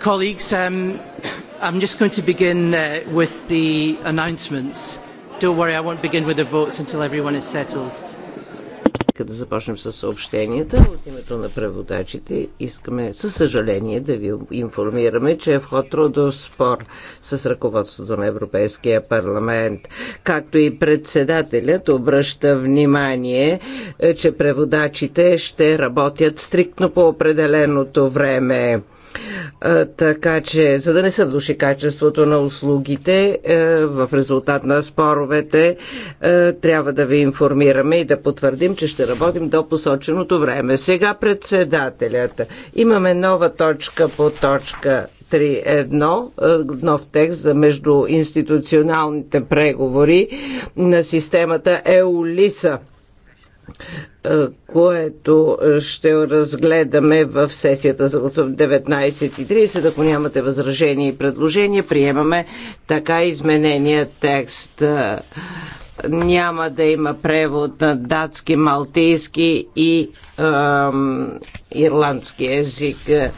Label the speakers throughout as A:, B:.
A: Colleagues, um, I'm just going to begin uh, with the announcements. Don't worry, I won't begin with the votes until everyone is settled.
B: Да започнем с съобщенията. От името на преводачите искаме със съжаление да ви информираме, че е в ход трудоспор с ръководството на Европейския парламент. Както и председателят обръща внимание, е, че преводачите ще работят стриктно по определеното време така че, за да не се влуши качеството на услугите, в резултат на споровете, трябва да ви информираме и да потвърдим, че ще работим до посоченото време. Сега председателят. Имаме нова точка по точка 3.1, нов текст за междуинституционалните преговори на системата ЕОЛИСА е, което е, ще разгледаме в сесията за 19.30. Ако нямате възражения и предложения, приемаме така изменения текст. Е, няма да има превод на датски, малтийски и ем, ирландски език. Е,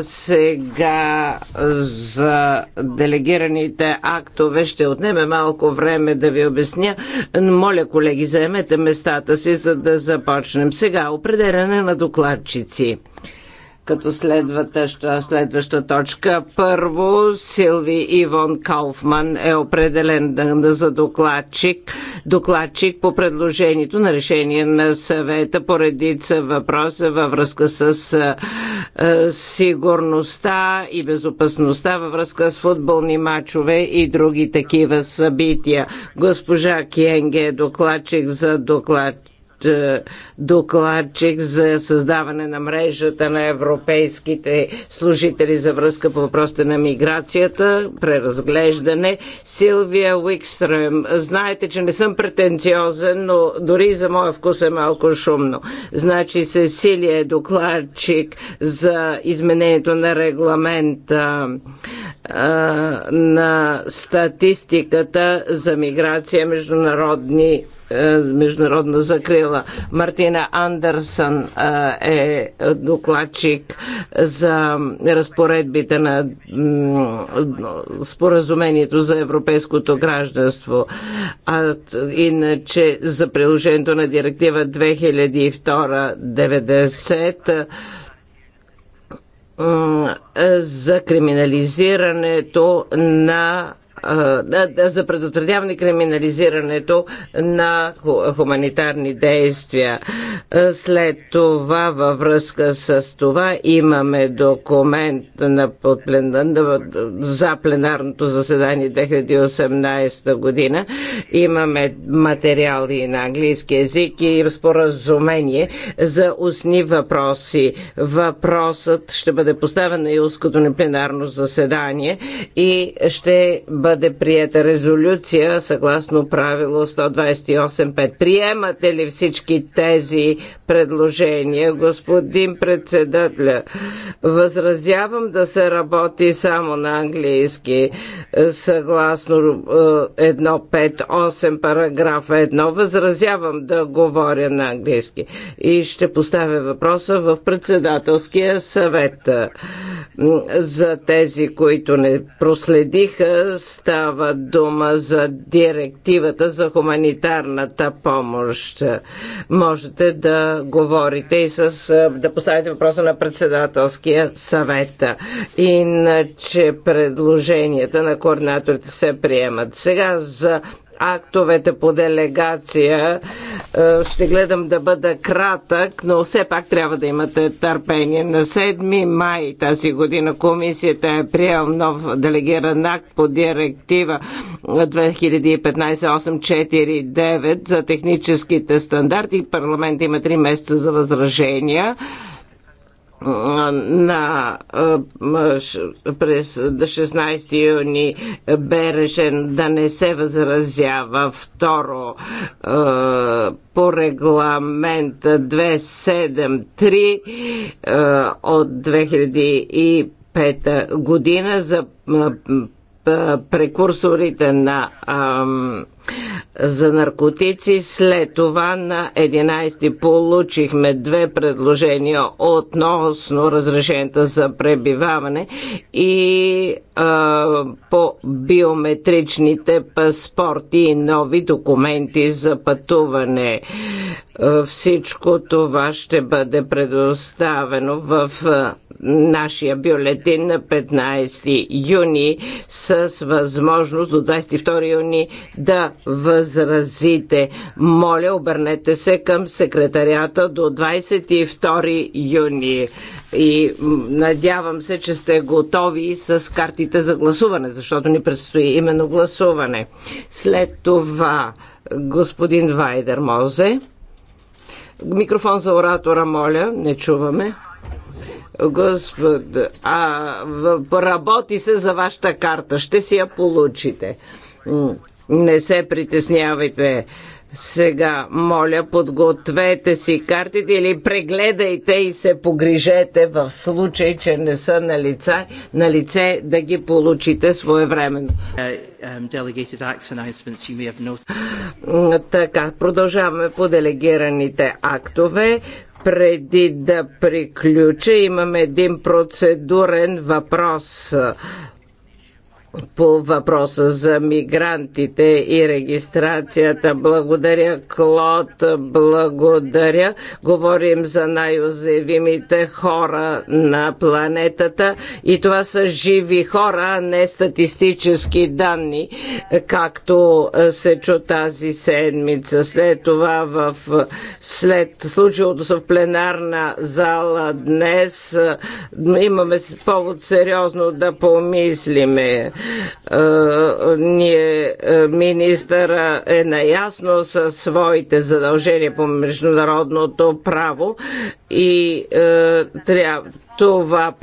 B: сега за делегираните актове ще отнеме малко време да ви обясня. Моля, колеги, заемете местата си, за да започнем. Сега определяне на докладчици като следваща, следваща точка. Първо, Силви Ивон Кауфман е определен за докладчик, докладчик по предложението на решение на съвета по редица въпроса във връзка с сигурността и безопасността във връзка с футболни матчове и други такива събития. Госпожа Кенге е докладчик за доклад е, докладчик за създаване на мрежата на европейските служители за връзка по въпросите на миграцията, преразглеждане. Силвия Уикстрем, знаете, че не съм претенциозен, но дори за моя вкус е малко шумно. Значи Сесилия е докладчик за изменението на регламента е, на статистиката за миграция международни е, международна закрила. Мартина Андерсън е, е докладчик за разпоредбите на споразумението за европейското гражданство. А иначе за приложението на директива 2002-90 за криминализирането на за предотвратяване криминализирането на хуманитарни действия. След това, във връзка с това, имаме документ на за пленарното заседание 2018 година. Имаме материали на английски язик и споразумение за устни въпроси. Въпросът ще бъде поставен на юлското ни пленарно заседание и ще бъде бъде приета резолюция съгласно правило 128.5. Приемате ли всички тези предложения, господин председателя? Възразявам да се работи само на английски съгласно 1.5.8 параграфа 1. Възразявам да говоря на английски и ще поставя въпроса в председателския съвет за тези, които не проследиха Става дума за директивата за хуманитарната помощ. Можете да говорите и с, да поставите въпроса на председателския съвет. Иначе предложенията на координаторите се приемат. Сега за актовете по делегация. Е, ще гледам да бъда кратък, но все пак трябва да имате търпение. На 7 май тази година комисията е приел нов делегиран акт по директива 2015-849 за техническите стандарти. Парламент има 3 месеца за възражения на, през 16 юни бе решен да не се възразява второ по регламент 273 от 2005 година за прекурсорите на за наркотици. След това на 11 получихме две предложения относно разрешенията за пребиваване и а, по биометричните паспорти и нови документи за пътуване. Всичко това ще бъде предоставено в нашия бюлетин на 15 юни с възможност до 22 юни да възможност възразите. Моля, обърнете се към секретарията до 22 юни. И надявам се, че сте готови с картите за гласуване, защото ни предстои именно гласуване. След това господин Вайдер Мозе. Микрофон за оратора, моля, не чуваме. Господ, а, работи се за вашата карта, ще си я получите. Не се притеснявайте. Сега, моля, подгответе си картите или прегледайте и се погрижете в случай, че не са на лице, на лице да ги получите своевременно. Uh, um, така, продължаваме по делегираните актове преди да приключа, имам един процедурен въпрос по въпроса за мигрантите и регистрацията. Благодаря, Клод, благодаря. Говорим за най-озевимите хора на планетата и това са живи хора, а не статистически данни, както се чу тази седмица. След това в след случилото се в пленарна зала днес имаме повод сериозно да помислиме е, ние, е, министъра е наясно със своите задължения по международното право и е, трябва това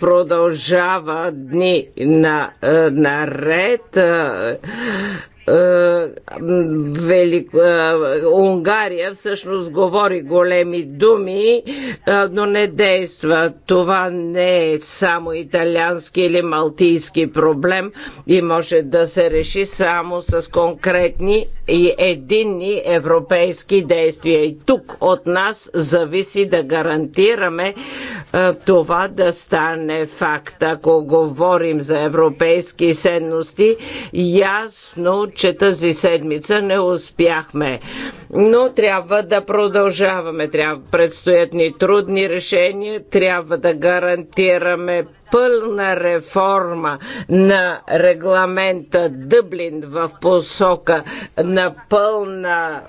B: продължава дни на, наред е, велик, е, Унгария всъщност говори големи думи, е, но не действа. Това не е само италиански или малтийски проблем и може да се реши само с конкретни и единни европейски действия. И тук от нас зависи да гарантираме това да стане факт. Ако говорим за европейски ценности, ясно, че тази седмица не успяхме. Но трябва да продължаваме. Трябва, предстоят ни трудни решения. Трябва да гарантираме пълна реформа на регламента Дъблин в посока на пълна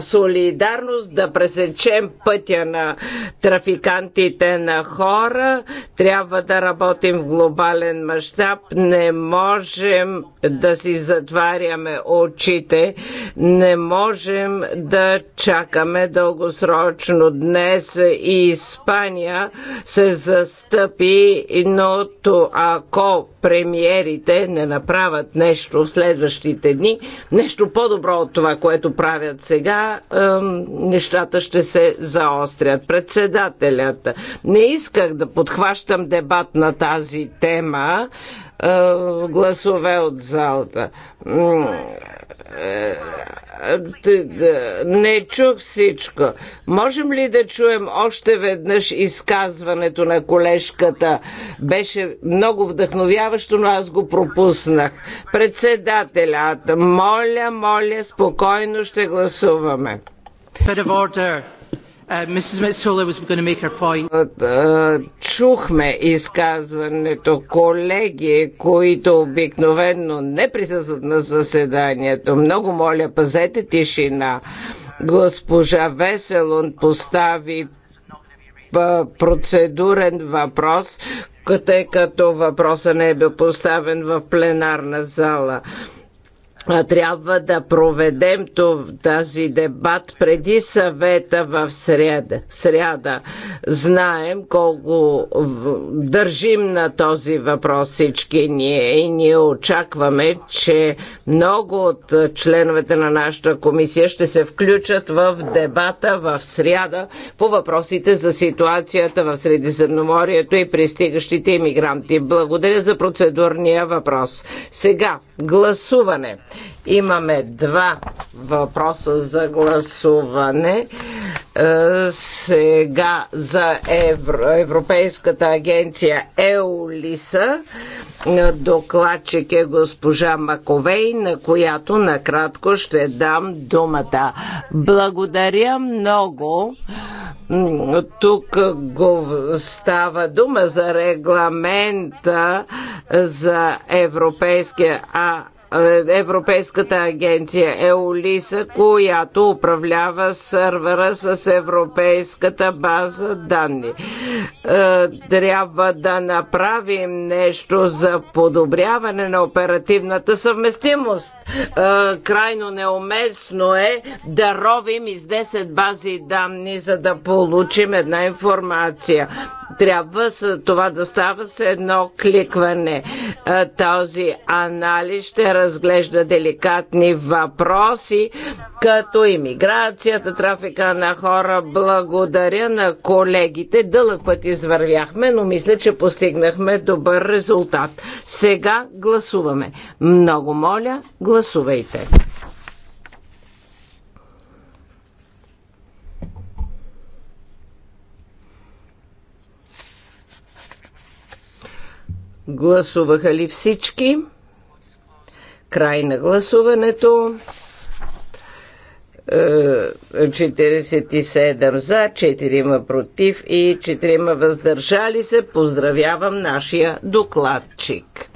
B: солидарност, да пресечем пътя на трафикантите на хора. Трябва да работим в глобален мащаб. Не можем да си затваряме очите. Не можем да чакаме дългосрочно. Днес и Испания се застъпи и, но то, ако премиерите не направят нещо в следващите дни, нещо по-добро от това, което правят сега, е, нещата ще се заострят. Председателят, не исках да подхващам дебат на тази тема, е, гласове от залата. Е, не чух всичко. Можем ли да чуем още веднъж изказването на колежката? Беше много вдъхновяващо, но аз го пропуснах. Председателят, моля, моля, спокойно ще гласуваме. Bit of order. Uh, е, е, чухме изказването колеги, които обикновенно не присъстват на заседанието. Много моля, пазете тишина. Госпожа Веселон постави е, процедурен въпрос, тъй като въпросът не е бил поставен в пленарна зала трябва да проведем тази дебат преди съвета в сряда. среда. Знаем колко държим на този въпрос всички ние и ние очакваме, че много от членовете на нашата комисия ще се включат в дебата в сряда по въпросите за ситуацията в Средиземноморието и пристигащите иммигранти. Благодаря за процедурния въпрос. Сега гласуване. Имаме два въпроса за гласуване. Е, сега за Европейската агенция ЕОЛИСА докладчик е госпожа Маковей, на която накратко ще дам думата. Благодаря много. Тук го става дума за регламента за Европейския а, е, европейската агенция Еолиса, която управлява сървъра с Европейската база данни. Е, трябва да направим нещо за подобряване на оперативната съвместимост. Е, крайно неуместно е да ровим из 10 бази данни, за да получим една информация трябва това да става с едно кликване. Този анализ ще разглежда деликатни въпроси, като иммиграцията, трафика на хора. Благодаря на колегите. Дълъг път извървяхме, но мисля, че постигнахме добър резултат. Сега гласуваме. Много моля, гласувайте. Гласуваха ли всички? Край на гласуването. 47 е, за, 4 против и 4 въздържали се. Поздравявам нашия докладчик.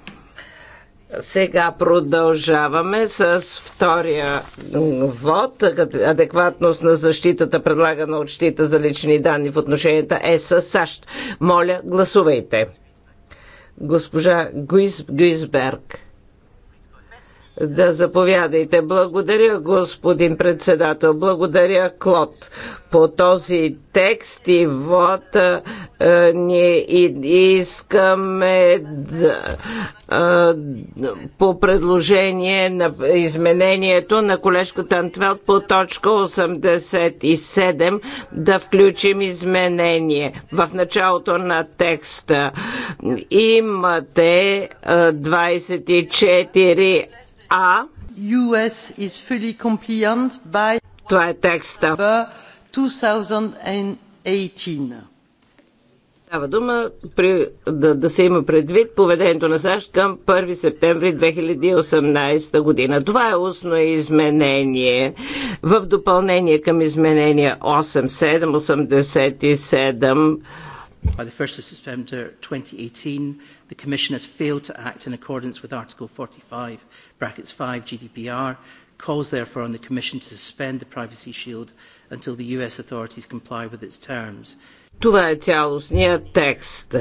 B: Сега продължаваме с втория вод. Адекватност на защитата, предлагана от щита за лични данни в отношенията е с САЩ. Моля, гласувайте. Госпожа Гуис, Гуисберг. Да заповядайте. Благодаря, господин председател. Благодаря, Клод. По този текст и вод а, ние и, искаме да, а, по предложение на изменението на колежката Антвелт по точка 87 да включим изменение в началото на текста. Имате а, 24 а. US is fully compliant by Това е текста. 2018. Става дума при, да, да се има предвид поведението на САЩ към 1 септември 2018 година. Това е устно изменение в допълнение към изменение 8787
A: by the 1st of September 2018, the Commission has failed to act in accordance with Article 45, brackets 5 GDPR, calls therefore on the Commission to suspend the Privacy Shield until the US authorities comply with its terms.
B: Това е цялостният текст.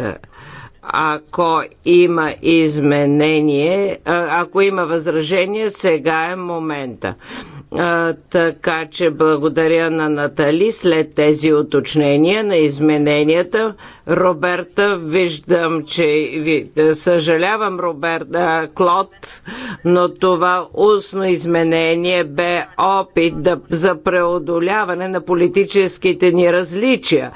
B: Ако има изменение, ако има възражение, сега е момента. А, така че благодаря на Натали след тези уточнения на измененията. Роберта, виждам, че ви, съжалявам, Роберта Клод, но това устно изменение бе опит да, за преодоляване на политическите ни различия.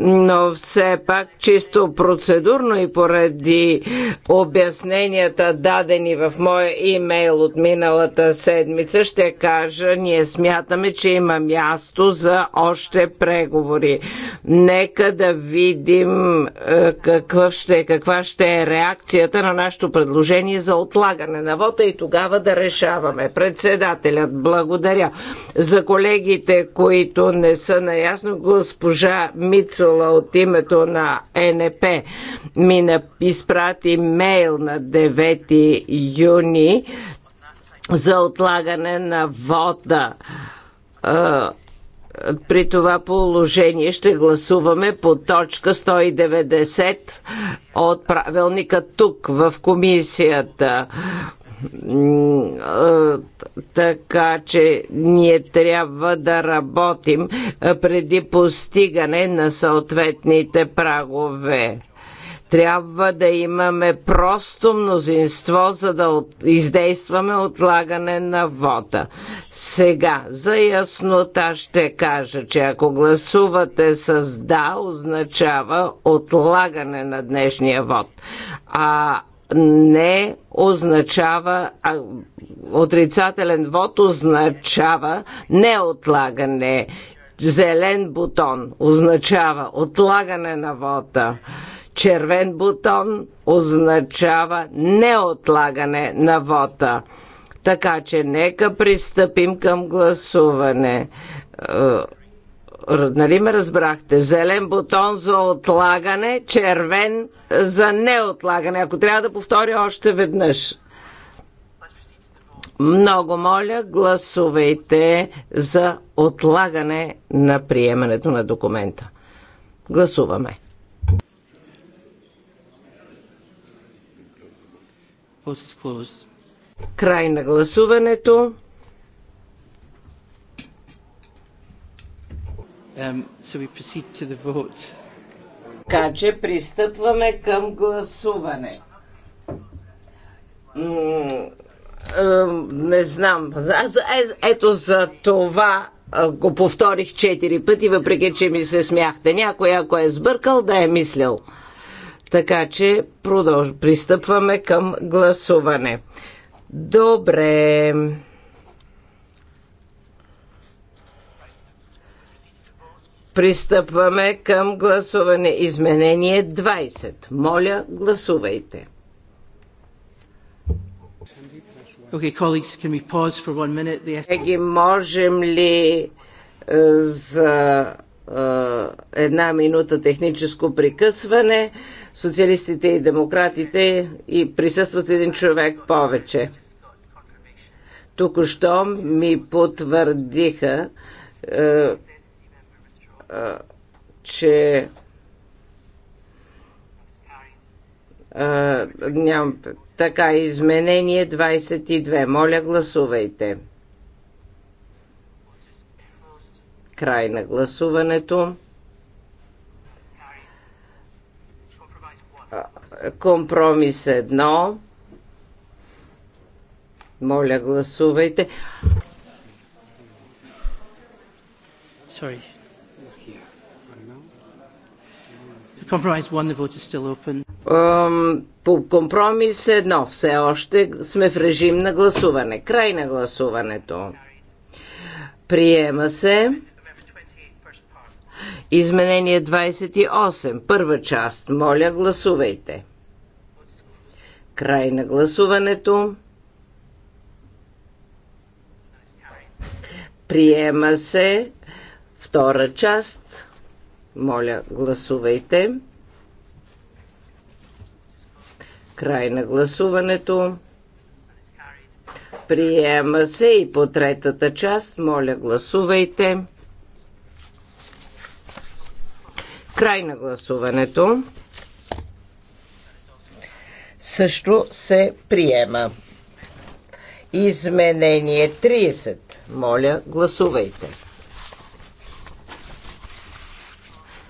B: Но все пак чисто процедурно и поради обясненията дадени в моя имейл от миналата седмица, ще кажа, ние смятаме, че има място за още преговори. Нека да видим е, каква ще, каква ще е реакцията на нашето предложение за отлагане на вота и тогава да решаваме. Председателят, благодаря. За колегите, които не са наясно, госпожа Мицола от името на НП ми изпрати мейл на 9 юни за отлагане на вода. При това положение ще гласуваме по точка 190 от правилника тук в комисията така че ние трябва да работим преди постигане на съответните прагове. Трябва да имаме просто мнозинство, за да издействаме отлагане на вота. Сега, за яснота ще кажа, че ако гласувате с да, означава отлагане на днешния вод. А не означава, а, отрицателен вод означава неотлагане. Зелен бутон означава отлагане на вода. Червен бутон означава неотлагане на вота. Така че нека пристъпим към гласуване. Е, нали ме разбрахте? Зелен бутон за отлагане, червен за неотлагане. Ако трябва да повторя още веднъж. Много моля, гласувайте за отлагане на приемането на документа. Гласуваме.
A: Край на гласуването. Um, so
B: така че пристъпваме към гласуване. М не знам. Аз, е, ето за това го повторих четири пъти, въпреки че ми се смяхте. Някой, ако е сбъркал, да е мислил. Така че продълж... пристъпваме към гласуване. Добре. Пристъпваме към гласуване. Изменение 20. Моля, гласувайте.
A: Okay, colleagues, can we pause for one minute? The...
B: можем ли е, за е, една минута техническо прекъсване? социалистите и демократите и присъстват един човек повече. Току-що ми потвърдиха, е, е, че е, ням, така, изменение 22. Моля, гласувайте. Край на гласуването. Компромис едно. Моля, гласувайте.
A: Sorry. Compromise one, the vote is still open. По компромис едно
B: все още сме в режим на гласуване. Край на гласуването. Приема се. Изменение 28. Първа част. Моля, гласувайте. Край на гласуването. Приема се втора част. Моля, гласувайте. Край на гласуването. Приема се и по третата част. Моля, гласувайте. Край на гласуването. Също се приема. Изменение 30. Моля, гласувайте.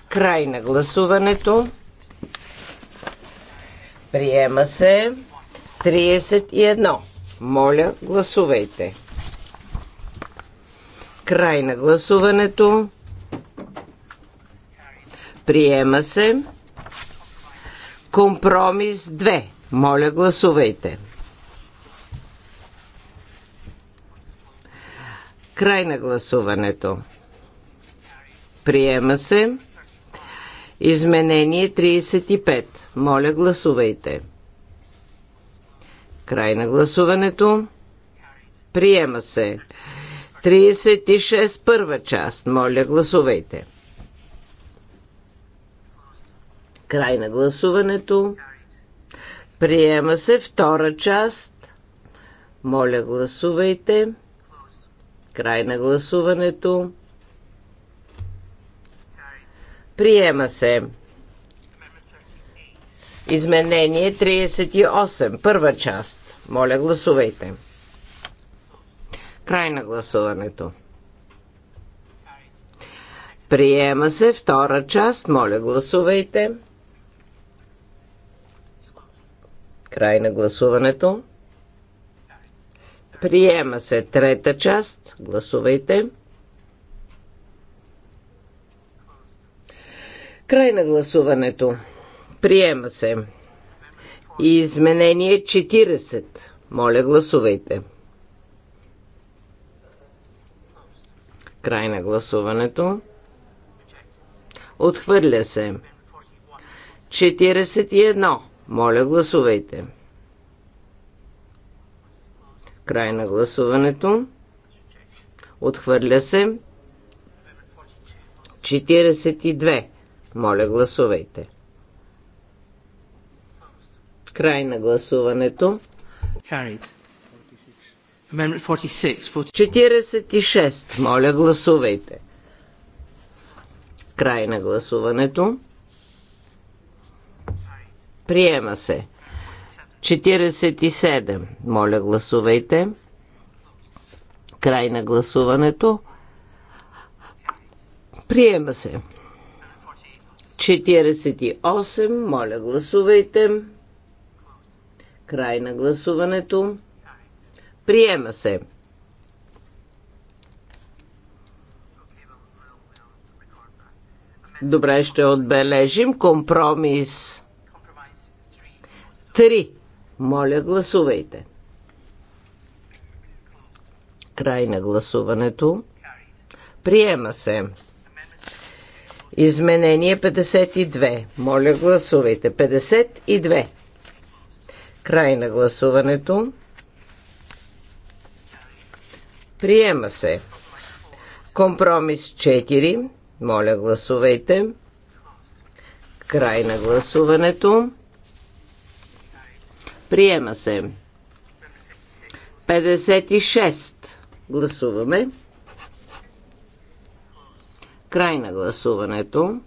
B: Край на гласуването. Приема се 31. Моля, гласувайте. Край на гласуването. Приема се. Компромис 2. Моля, гласувайте. Край на гласуването. Приема се. Изменение 35. Моля, гласувайте. Край на гласуването. Приема се. 36 първа част. Моля, гласувайте. Край на гласуването. Приема се втора част. Моля, гласувайте. Край на гласуването. Приема се. Изменение 38. Първа част. Моля, гласувайте. Край на гласуването. Приема се втора част. Моля, гласувайте. Край на гласуването. Приема се трета част. Гласувайте. Край на гласуването. Приема се. Изменение 40. Моля, гласувайте. Край на гласуването. Отхвърля се. 41. Моля, гласувайте. Край на гласуването. Отхвърля се. 42. Моля, гласувайте. Край на гласуването. 46. Моля, гласувайте. Край на гласуването. Приема се. 47. Моля, гласувайте. Край на гласуването. Приема се. 48. Моля, гласувайте. Край на гласуването. Приема се. Добре, ще отбележим компромис 3. Моля, гласувайте. Край на гласуването. Приема се. Изменение 52. Моля, гласувайте. 52. Край на гласуването. Приема се. Компромис 4. Моля, гласувайте. Край на гласуването. Приема се. 56. Гласуваме. Край на гласуването.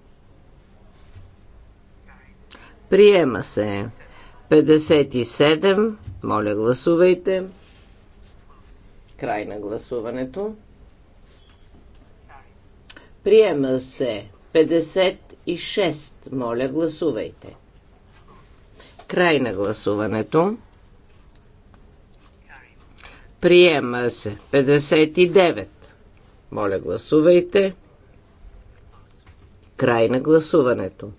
B: Приема се. 57. Моля, гласувайте. Край на гласуването. Приема се. 56. Моля, гласувайте. Край на гласуването. Приема се 59. Моля, гласувайте. Край на гласуването.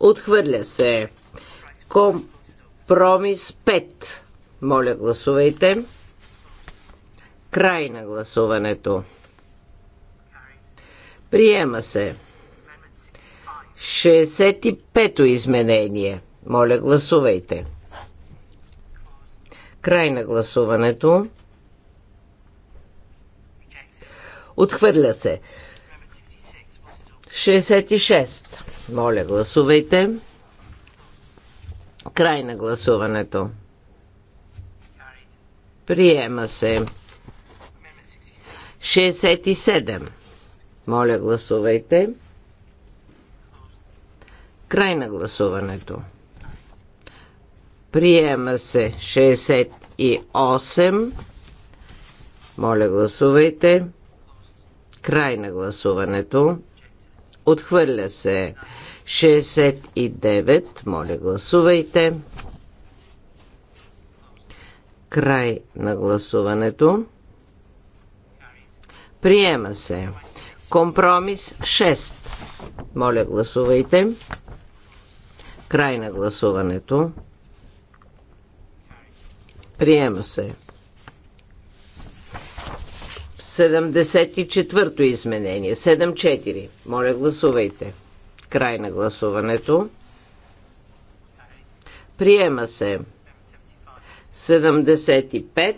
B: Отхвърля се. Компромис 5. Моля, гласувайте. Край на гласуването. Приема се. 65-то изменение. Моля, гласувайте. Край на гласуването. Отхвърля се. 66. Моля, гласувайте. Край на гласуването. Приема се. 67. Моля, гласувайте. Край на гласуването. Приема се 68. Моля, гласувайте. Край на гласуването. Отхвърля се 69. Моля, гласувайте. Край на гласуването. Приема се. Компромис 6. Моля, гласувайте. Край на гласуването. Приема се. 74-то изменение. 7-4. Моля, гласувайте. Край на гласуването. Приема се. 75.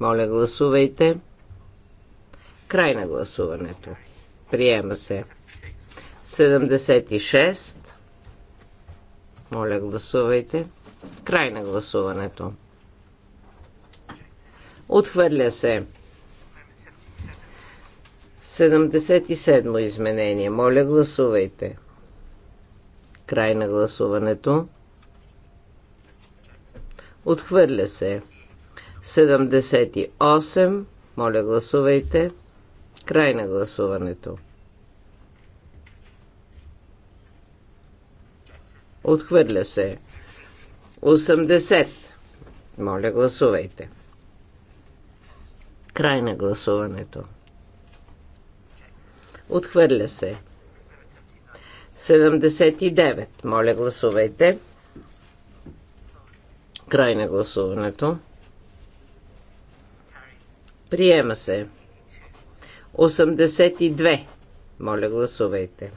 B: Моля, гласувайте. Край на гласуването. Приема се. 76. Моля, гласувайте. Край на гласуването. Отхвърля се. 77 изменение. Моля, гласувайте. Край на гласуването. Отхвърля се. 78. Моля, гласувайте. Край на гласуването. Отхвърля се. 80. Моля, гласувайте. Край на гласуването. Отхвърля се. 79. Моля, гласувайте. Край на гласуването. Приема се. 82. Моля, гласувайте.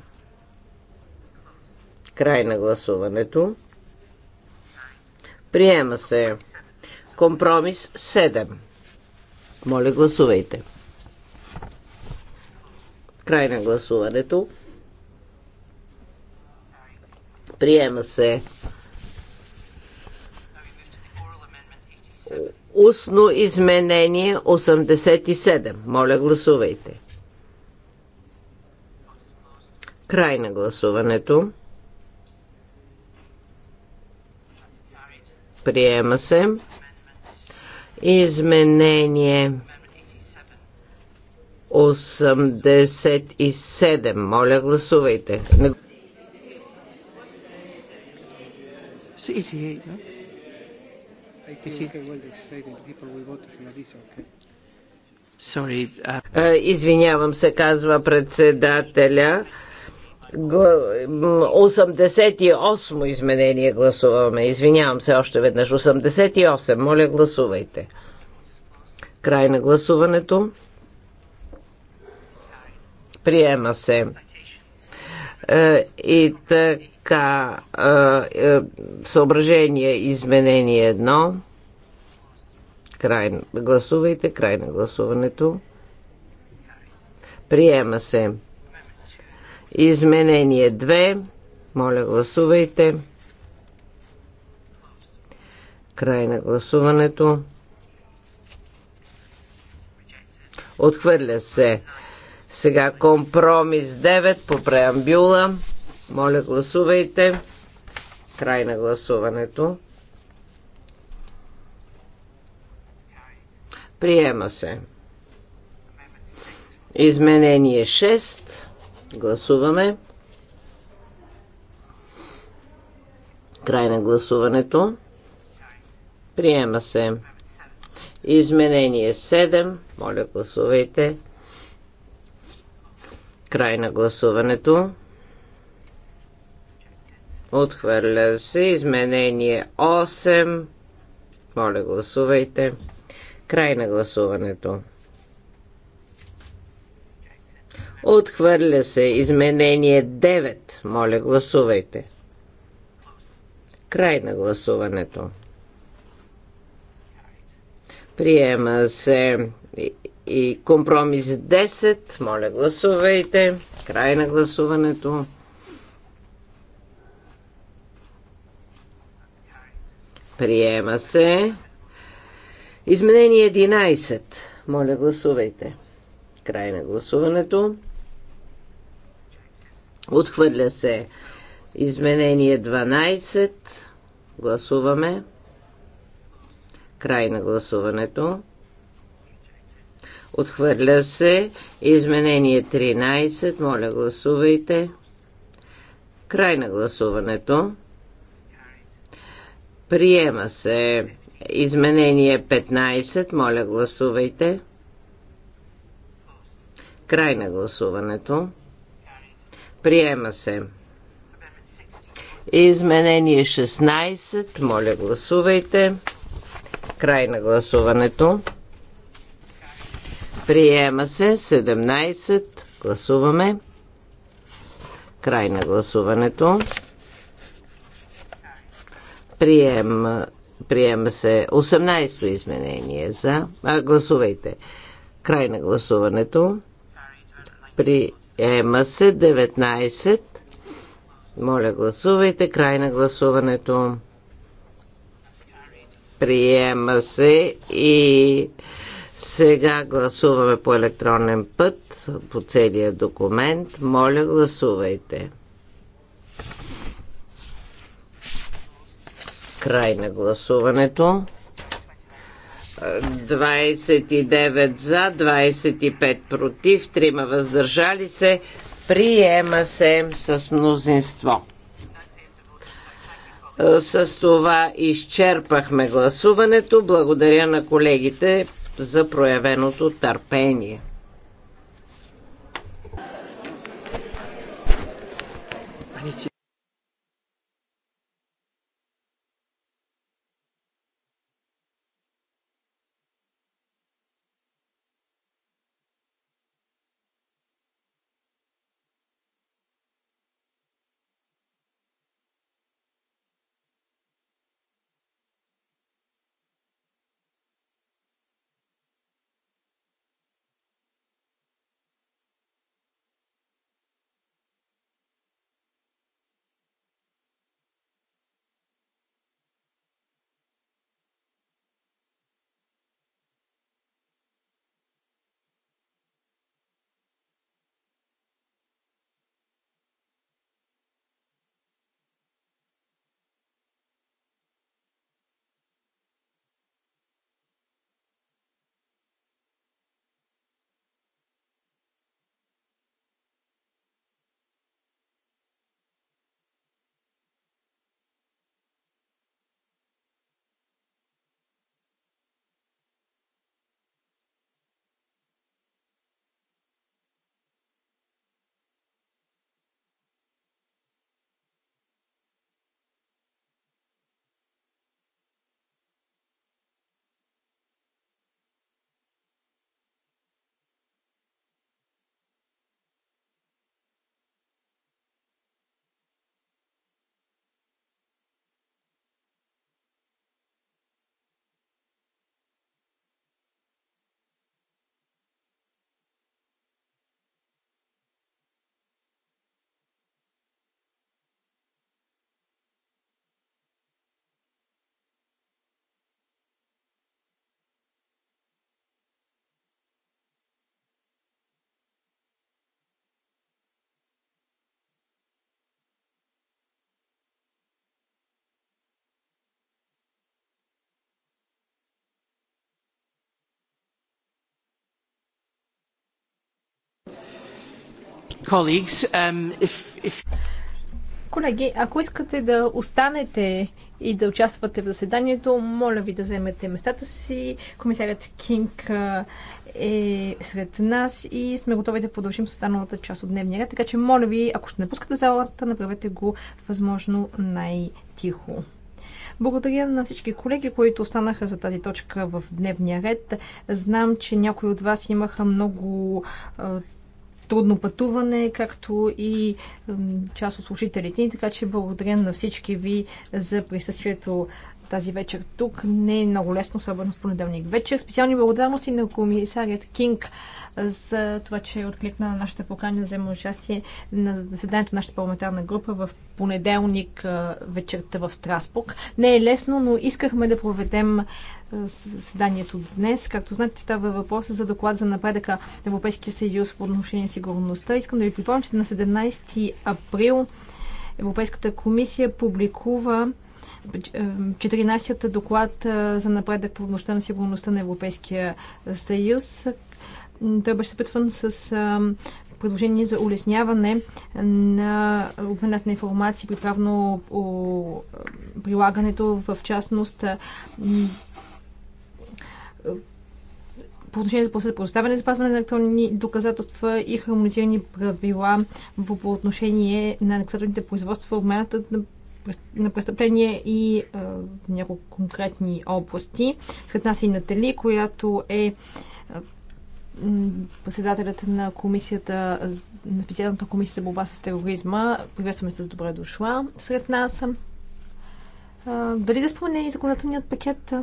B: Край на гласуването. Приема се. Компромис 7. Моля, гласувайте. Край на гласуването. Приема се. Устно изменение 87. Моля, гласувайте. Край на гласуването. Приема се. Изменение 87. Моля, гласувайте. Извинявам се, казва председателя. 88 изменение гласуваме. Извинявам се още веднъж. 88. Моля, гласувайте. Край на гласуването. Приема се. Е, и така, е, е, съображение, изменение едно. Край, гласувайте, край на гласуването. Приема се. Изменение 2. Моля, гласувайте. Край на гласуването. Отхвърля се. Сега компромис 9 по преамбюла. Моля, гласувайте. Край на гласуването. Приема се. Изменение 6. Гласуваме. Край на гласуването. Приема се. Изменение 7. Моля, гласувайте. Край на гласуването. Отхвърля се. Изменение 8. Моля, гласувайте. Край на гласуването. Отхвърля се изменение 9. Моля, гласувайте. Край на гласуването. Приема се и компромис 10. Моля, гласувайте. Край на гласуването. Приема се. Изменение 11. Моля, гласувайте. Край на гласуването. Отхвърля се изменение 12. Гласуваме. Край на гласуването. Отхвърля се изменение 13. Моля, гласувайте. Край на гласуването. Приема се изменение 15. Моля, гласувайте. Край на гласуването. Приема се. Изменение 16. Моля, гласувайте. Край на гласуването. Приема се 17. Гласуваме. Край на гласуването. Приема, приема се 18-то изменение за... А, гласувайте. Край на гласуването. При, Приема се 19. Моля, гласувайте. Край на гласуването. Приема се и сега гласуваме по електронен път, по целия документ. Моля, гласувайте. Край на гласуването. 29 за, 25 против, 3 въздържали се. Приема се с мнозинство. С това изчерпахме гласуването. Благодаря на колегите за проявеното търпение.
A: Um,
C: колеги, ако искате да останете и да участвате в заседанието, моля ви да вземете местата си. Комисарят Кинг е, е сред нас и сме готови да продължим с останалата част от дневния ред. Така че, моля ви, ако ще напускате залата, направете го възможно най-тихо. Благодаря на всички колеги, които останаха за тази точка в дневния ред. Знам, че някои от вас имаха много трудно пътуване, както и част от служителите ни. Така че благодаря на всички ви за присъствието тази вечер тук. Не е много лесно, особено в понеделник вечер. Специални благодарности на комисарият Кинг за това, че е откликна на нашата покана да вземе участие на заседанието на нашата парламентарна група в понеделник вечерта в Страсбург. Не е лесно, но искахме да проведем заседанието днес. Както знаете, става въпрос за доклад за напредъка на Европейския съюз по отношение на сигурността. Искам да ви припомня, че на 17 април Европейската комисия публикува 14-та доклад за напредък по отношение на сигурността на Европейския съюз. Той беше съпътван с предложение за улесняване на обменът на информации при правно прилагането, в частност по отношение за предоставяне за запазване на електронни доказателства и хармонизирани правила по отношение на наказателните производства, обмената на престъпление и а, няколко конкретни области. Сред нас е и Натали, която е председателят на комисията, на специалната комисия за борба с тероризма. Приветстваме се с добре дошла сред нас. А, дали да спомене и законодателният пакет?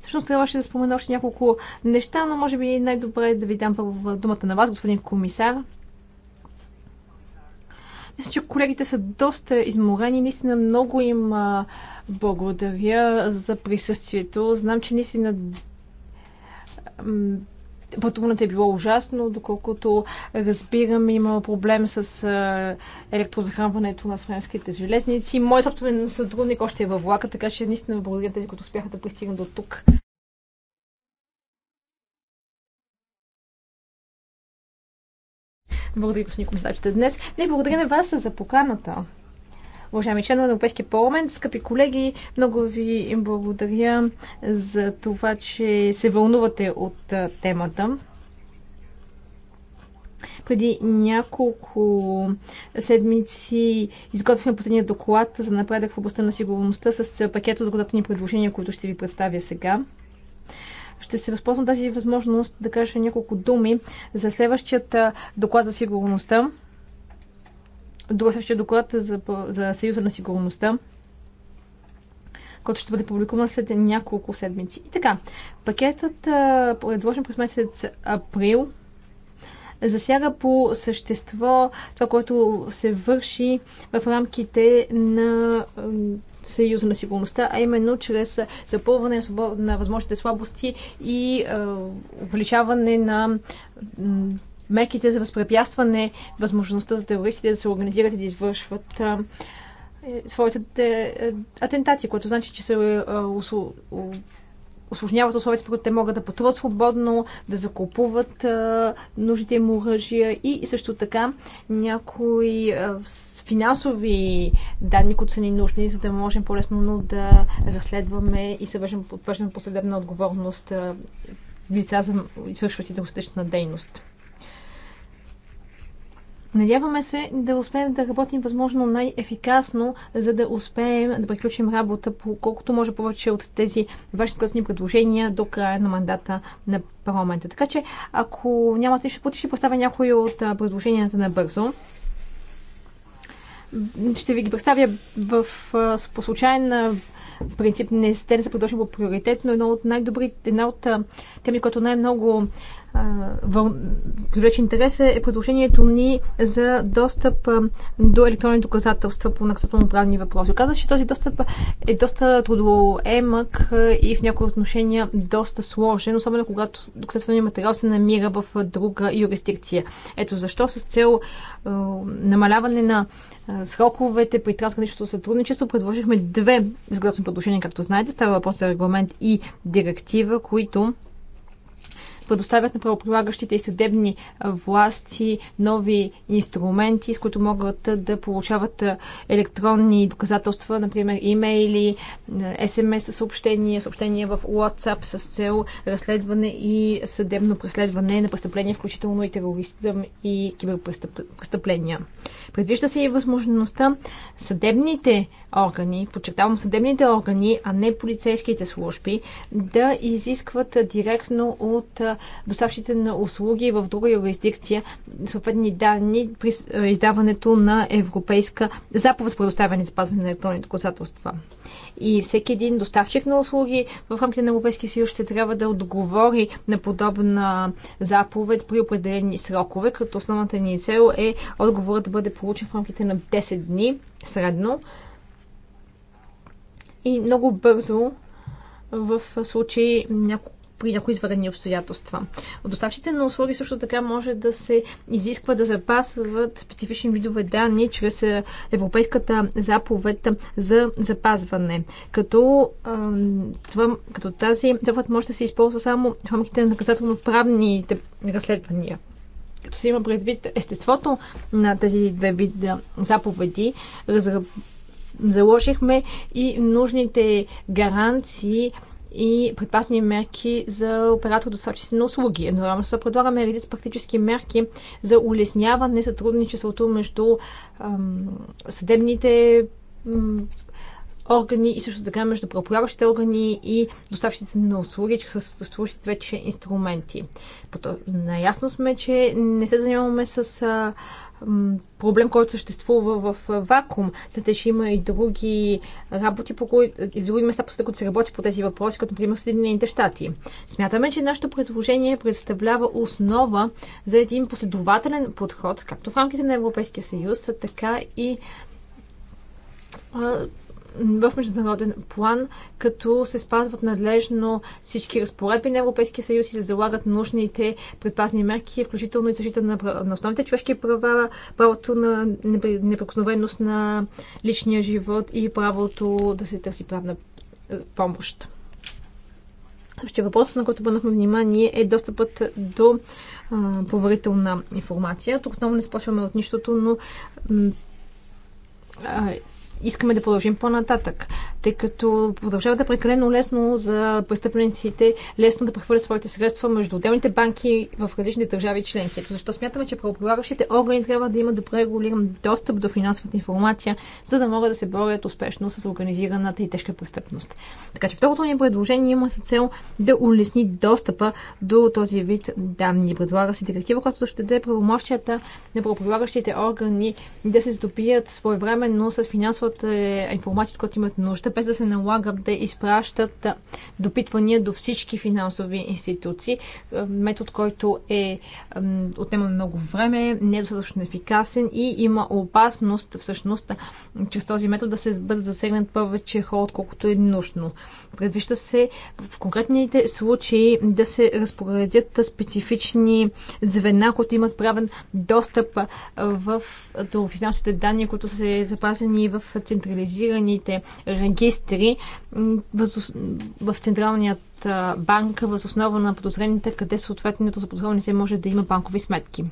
C: Всъщност трябваше да спомена още няколко неща, но може би най-добре е да ви дам първо думата на вас, господин комисар. Мисля, че колегите са доста изморени. Наистина много им благодаря за присъствието. Знам, че наистина пътуването е било ужасно, доколкото разбирам, има проблем с електрозахранването на френските железници. Мой собствен сътрудник още е във влака, така че наистина благодаря тези, които успяха да пристигнат до тук. Благодаря, господин комисар, че днес. Не, благодаря на вас за поканата. Уважаеми членове на Европейския парламент, скъпи колеги, много ви благодаря за това, че се вълнувате от темата. Преди няколко седмици изготвихме последния доклад за напредък в областта на сигурността с пакет от законодателни предложения, които ще ви представя сега. Ще се възползвам тази възможност да кажа няколко думи за следващият доклад за сигурността. До следващия доклад за, за Съюза на сигурността който ще бъде публикуван след няколко седмици. И така, пакетът, предложен през месец април, засяга по същество това, което се върши в рамките на Съюза на сигурността, а именно чрез запълване на възможните слабости и увеличаване на меките за възпрепятстване възможността за терористите да се организират и да извършват е, своите е, атентати, което значи, че се е, осложняват условията, които те могат да пътуват свободно, да закупуват а, нужните им оръжия и също така някои а, финансови данни, които са ни нужни, за да можем по-лесно да разследваме и съвършим подвържем последебна отговорност а, лица за извършващи дългосрочна дейност. Надяваме се да успеем да работим възможно най-ефикасно, за да успеем да приключим работа по колкото може повече от тези ваши скъпни предложения до края на мандата на парламента. Така че, ако нямате нищо против, ще поставя някои от предложенията на бързо ще ви ги представя в, по случайен принцип. Не сте не са предложени по приоритет, но едно от най-добрите, една от теми, която най-много вър... привлече интерес е, е предложението ни за достъп до електронни доказателства по наказателно-правни въпроси. Оказва, че този достъп е доста трудоемък и в някои отношения доста сложен, особено когато доказателният материал се намира в друга юрисдикция. Ето защо с цел намаляване на сроковете при трансграничното сътрудничество предложихме две изградателни предложения, както знаете. Става въпрос за регламент и директива, които предоставят на правоприлагащите и съдебни власти нови инструменти, с които могат да получават електронни доказателства, например имейли, СМС съобщения, съобщения в WhatsApp с цел разследване и съдебно преследване на престъпления, включително и тероризъм и киберпрестъпления. Предвижда се и възможността съдебните органи, подчертавам съдебните органи, а не полицейските служби, да изискват директно от доставчите на услуги в друга юрисдикция съответни данни при издаването на европейска заповед с предоставяне за спазване на електронни доказателства. И всеки един доставчик на услуги в рамките на Европейския съюз ще трябва да отговори на подобна заповед при определени срокове, като основната ни цел е отговорът да бъде получен в рамките на 10 дни средно и много бързо в случай няколко при някои извънредни обстоятелства. От доставчите на услуги също така може да се изисква да запазват специфични видове данни чрез е, Европейската заповед за запазване. Като, това, като тази заповед може да се използва само в рамките на наказателно-правните разследвания. Като се има предвид естеството на тези две вида заповеди, разработ заложихме и нужните гаранции и предпазни мерки за оператор доставчици на услуги. Едновременно се предлагаме редица практически мерки за улесняване сътрудничеството между ам, съдебните органи и също така между правополагащите органи и доставчиците на услуги, че съществуващите вече инструменти. Наясно сме, че не се занимаваме с проблем, който съществува в вакуум. След че има и други работи, по кои, и в други места, по които се работи по тези въпроси, като например Съединените щати. Смятаме, че нашето предложение представлява основа за един последователен подход, както в рамките на Европейския съюз, така и в международен план, като се спазват надлежно всички разпоредби на Европейския съюз и се залагат нужните предпазни мерки, включително и защита на, на основните човешки права, правото на неприкосновеност на личния живот и правото да се търси правна е, помощ. Ще въпросът, на който бъдахме внимание, е достъпът до а, поверителна информация. Тук отново не спочваме от нищото, но а, искаме да продължим по-нататък, тъй като продължава да е прекалено лесно за престъпниците лесно да прехвърлят своите средства между отделните банки в различните държави членки. защо смятаме, че правополагащите органи трябва да имат добре регулиран достъп до финансовата информация, за да могат да се борят успешно с организираната и тежка престъпност. Така че второто ни предложение има за цел да улесни достъпа до този вид данни. Предлага се директива, която ще даде правомощията на правополагащите органи да се здобият своевременно с финансовата получават е, информацията, която имат нужда, без да се налагат да изпращат допитвания до всички финансови институции. Е, метод, който е отнема много време, не е достатъчно ефикасен и има опасност всъщност чрез този метод да се бъдат засегнат повече хора, отколкото е нужно. Предвижда се в конкретните случаи да се разпоредят специфични звена, които имат правен достъп в, до финансовите данни, които са запазени в централизираните регистри в Централният банк въз основа на подозрените, къде съответното за подозрените може да има банкови сметки.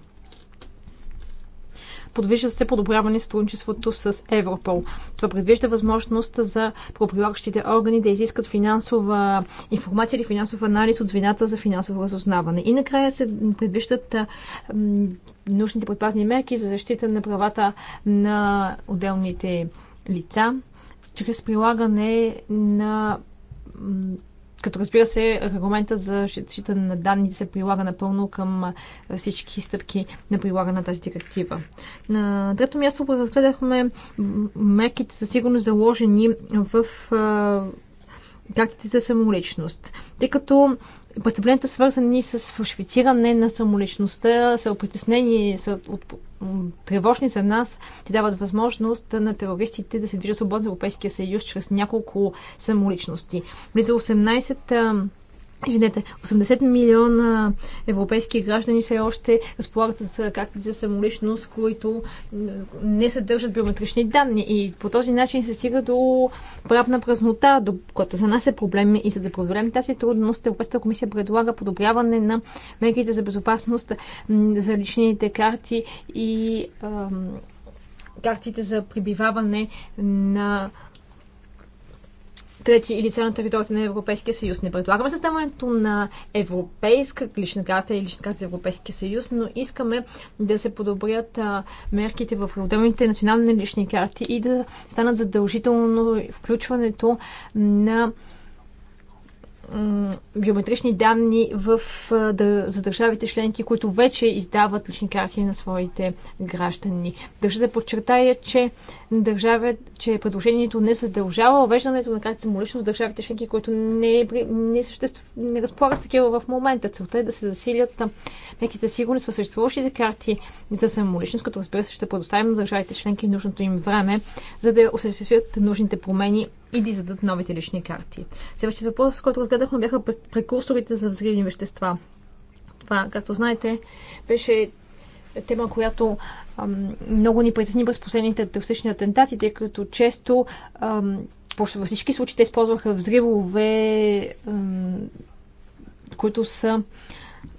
C: Подвижда се подобряване на сътрудничеството с Европол. Това предвижда възможност за правоприлагащите органи да изискат финансова информация или финансов анализ от звената за финансово разузнаване. И накрая се предвиждат нужните предпазни мерки за защита на правата на отделните лица, чрез прилагане на като разбира се, регламента за защита на данните се прилага напълно към всички стъпки на прилага на тази директива. На трето място разгледахме мерките са сигурно заложени в картите за самоличност. Тъй като престъпленията, свързани с фалшифициране на самоличността, са притеснени, са от, тревожни за нас. Те дават възможност на терористите да се движат свободно в Европейския съюз чрез няколко самоличности. Близо 18 Извинете, 80 милиона европейски граждани все още разполагат с карти за самоличност, които не съдържат биометрични данни. И по този начин се стига до правна празнота, до която за нас е проблем. И за да преодолеем тази трудност, Европейската комисия предлага подобряване на мерките за безопасност за личните карти и ам, картите за прибиваване на трети или цяло на територията на Европейския съюз. Не предлагаме създаването на европейска лична карта и лична карта за Европейския съюз, но искаме да се подобрят а, мерките в отделните национални лични карти и да станат задължително включването на биометрични данни в, да, за държавите членки, които вече издават лични карти на своите граждани. Държа да подчертая, че, държава, че предложението не задължава въвеждането на карти самолично в държавите членки, които не, е не, съществ, не разполагат с такива в момента. Целта е да се засилят меките сигурност в съществуващите карти за самоличност, като разбира се ще предоставим на държавите членки нужното им време, за да осъществят нужните промени да зададат новите лични карти. Следващият въпрос, който разгледахме, бяха прекурсорите за взривни вещества. Това, както знаете, беше тема, която ам, много ни притесни през последните терористични атентати, тъй като често ам, във всички случаи те използваха взривове, ам, които са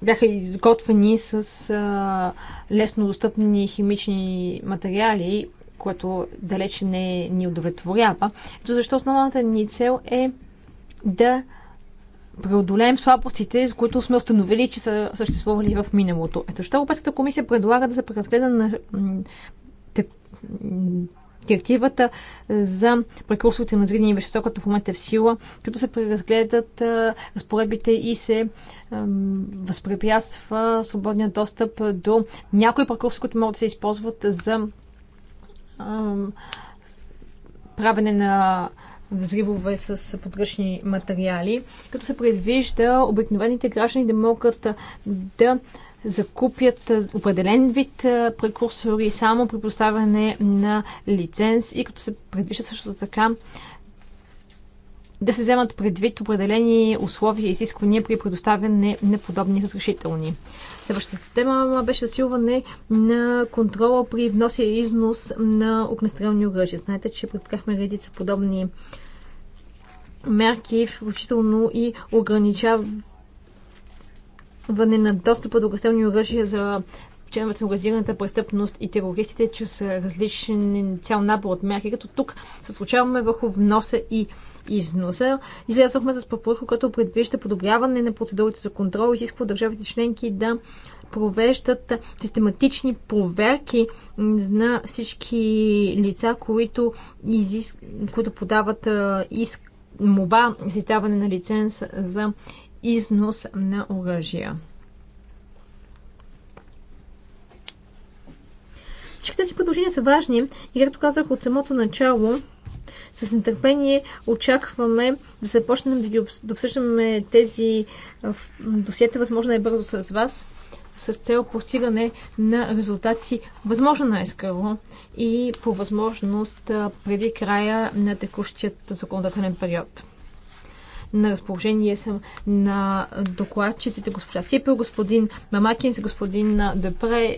C: бяха изготвени с а, лесно достъпни химични материали, което далеч не ни удовлетворява. Ето защо основната ни цел е да преодолеем слабостите, с които сме установили, че са съществували в миналото. Ето защо Европейската комисия предлага да се преразгледа на директивата за прекурсорите на зрителни вещества, като в момента е в сила, като се преразгледат разпоредбите и се възпрепятства свободния достъп до някои прекурсори, които могат да се използват за правене на взривове с подръчни материали, като се предвижда обикновените граждани да могат да закупят определен вид прекурсори само при поставяне на лиценз и като се предвижда също така да се вземат предвид определени условия и изисквания при предоставяне на подобни разрешителни. Следващата тема беше засилване на контрола при внос и износ на огнестрелни оръжия. Знаете, че предприехме редица подобни мерки, включително и ограничаване на достъпа до огнестрелни оръжия за членовете на организираната престъпност и терористите чрез различен цял набор от мерки, като тук се случаваме върху вноса и износа. Излязохме с препоръка, която предвижда подобряване на процедурите за контрол и изисква държавите членки да провеждат систематични проверки на всички лица, които, изис... които подават иск моба за издаване на лиценз за износ на оръжия. Всички тези предложения са важни и, както казах от самото начало, с нетърпение очакваме да започнем да, ги, да обсъждаме тези досиета, възможно е бързо с вас с цел постигане на резултати възможно най-скоро и по възможност преди края на текущият законодателен период. На разположение съм на докладчиците госпожа Сипел, господин Мамакинс, господин Депре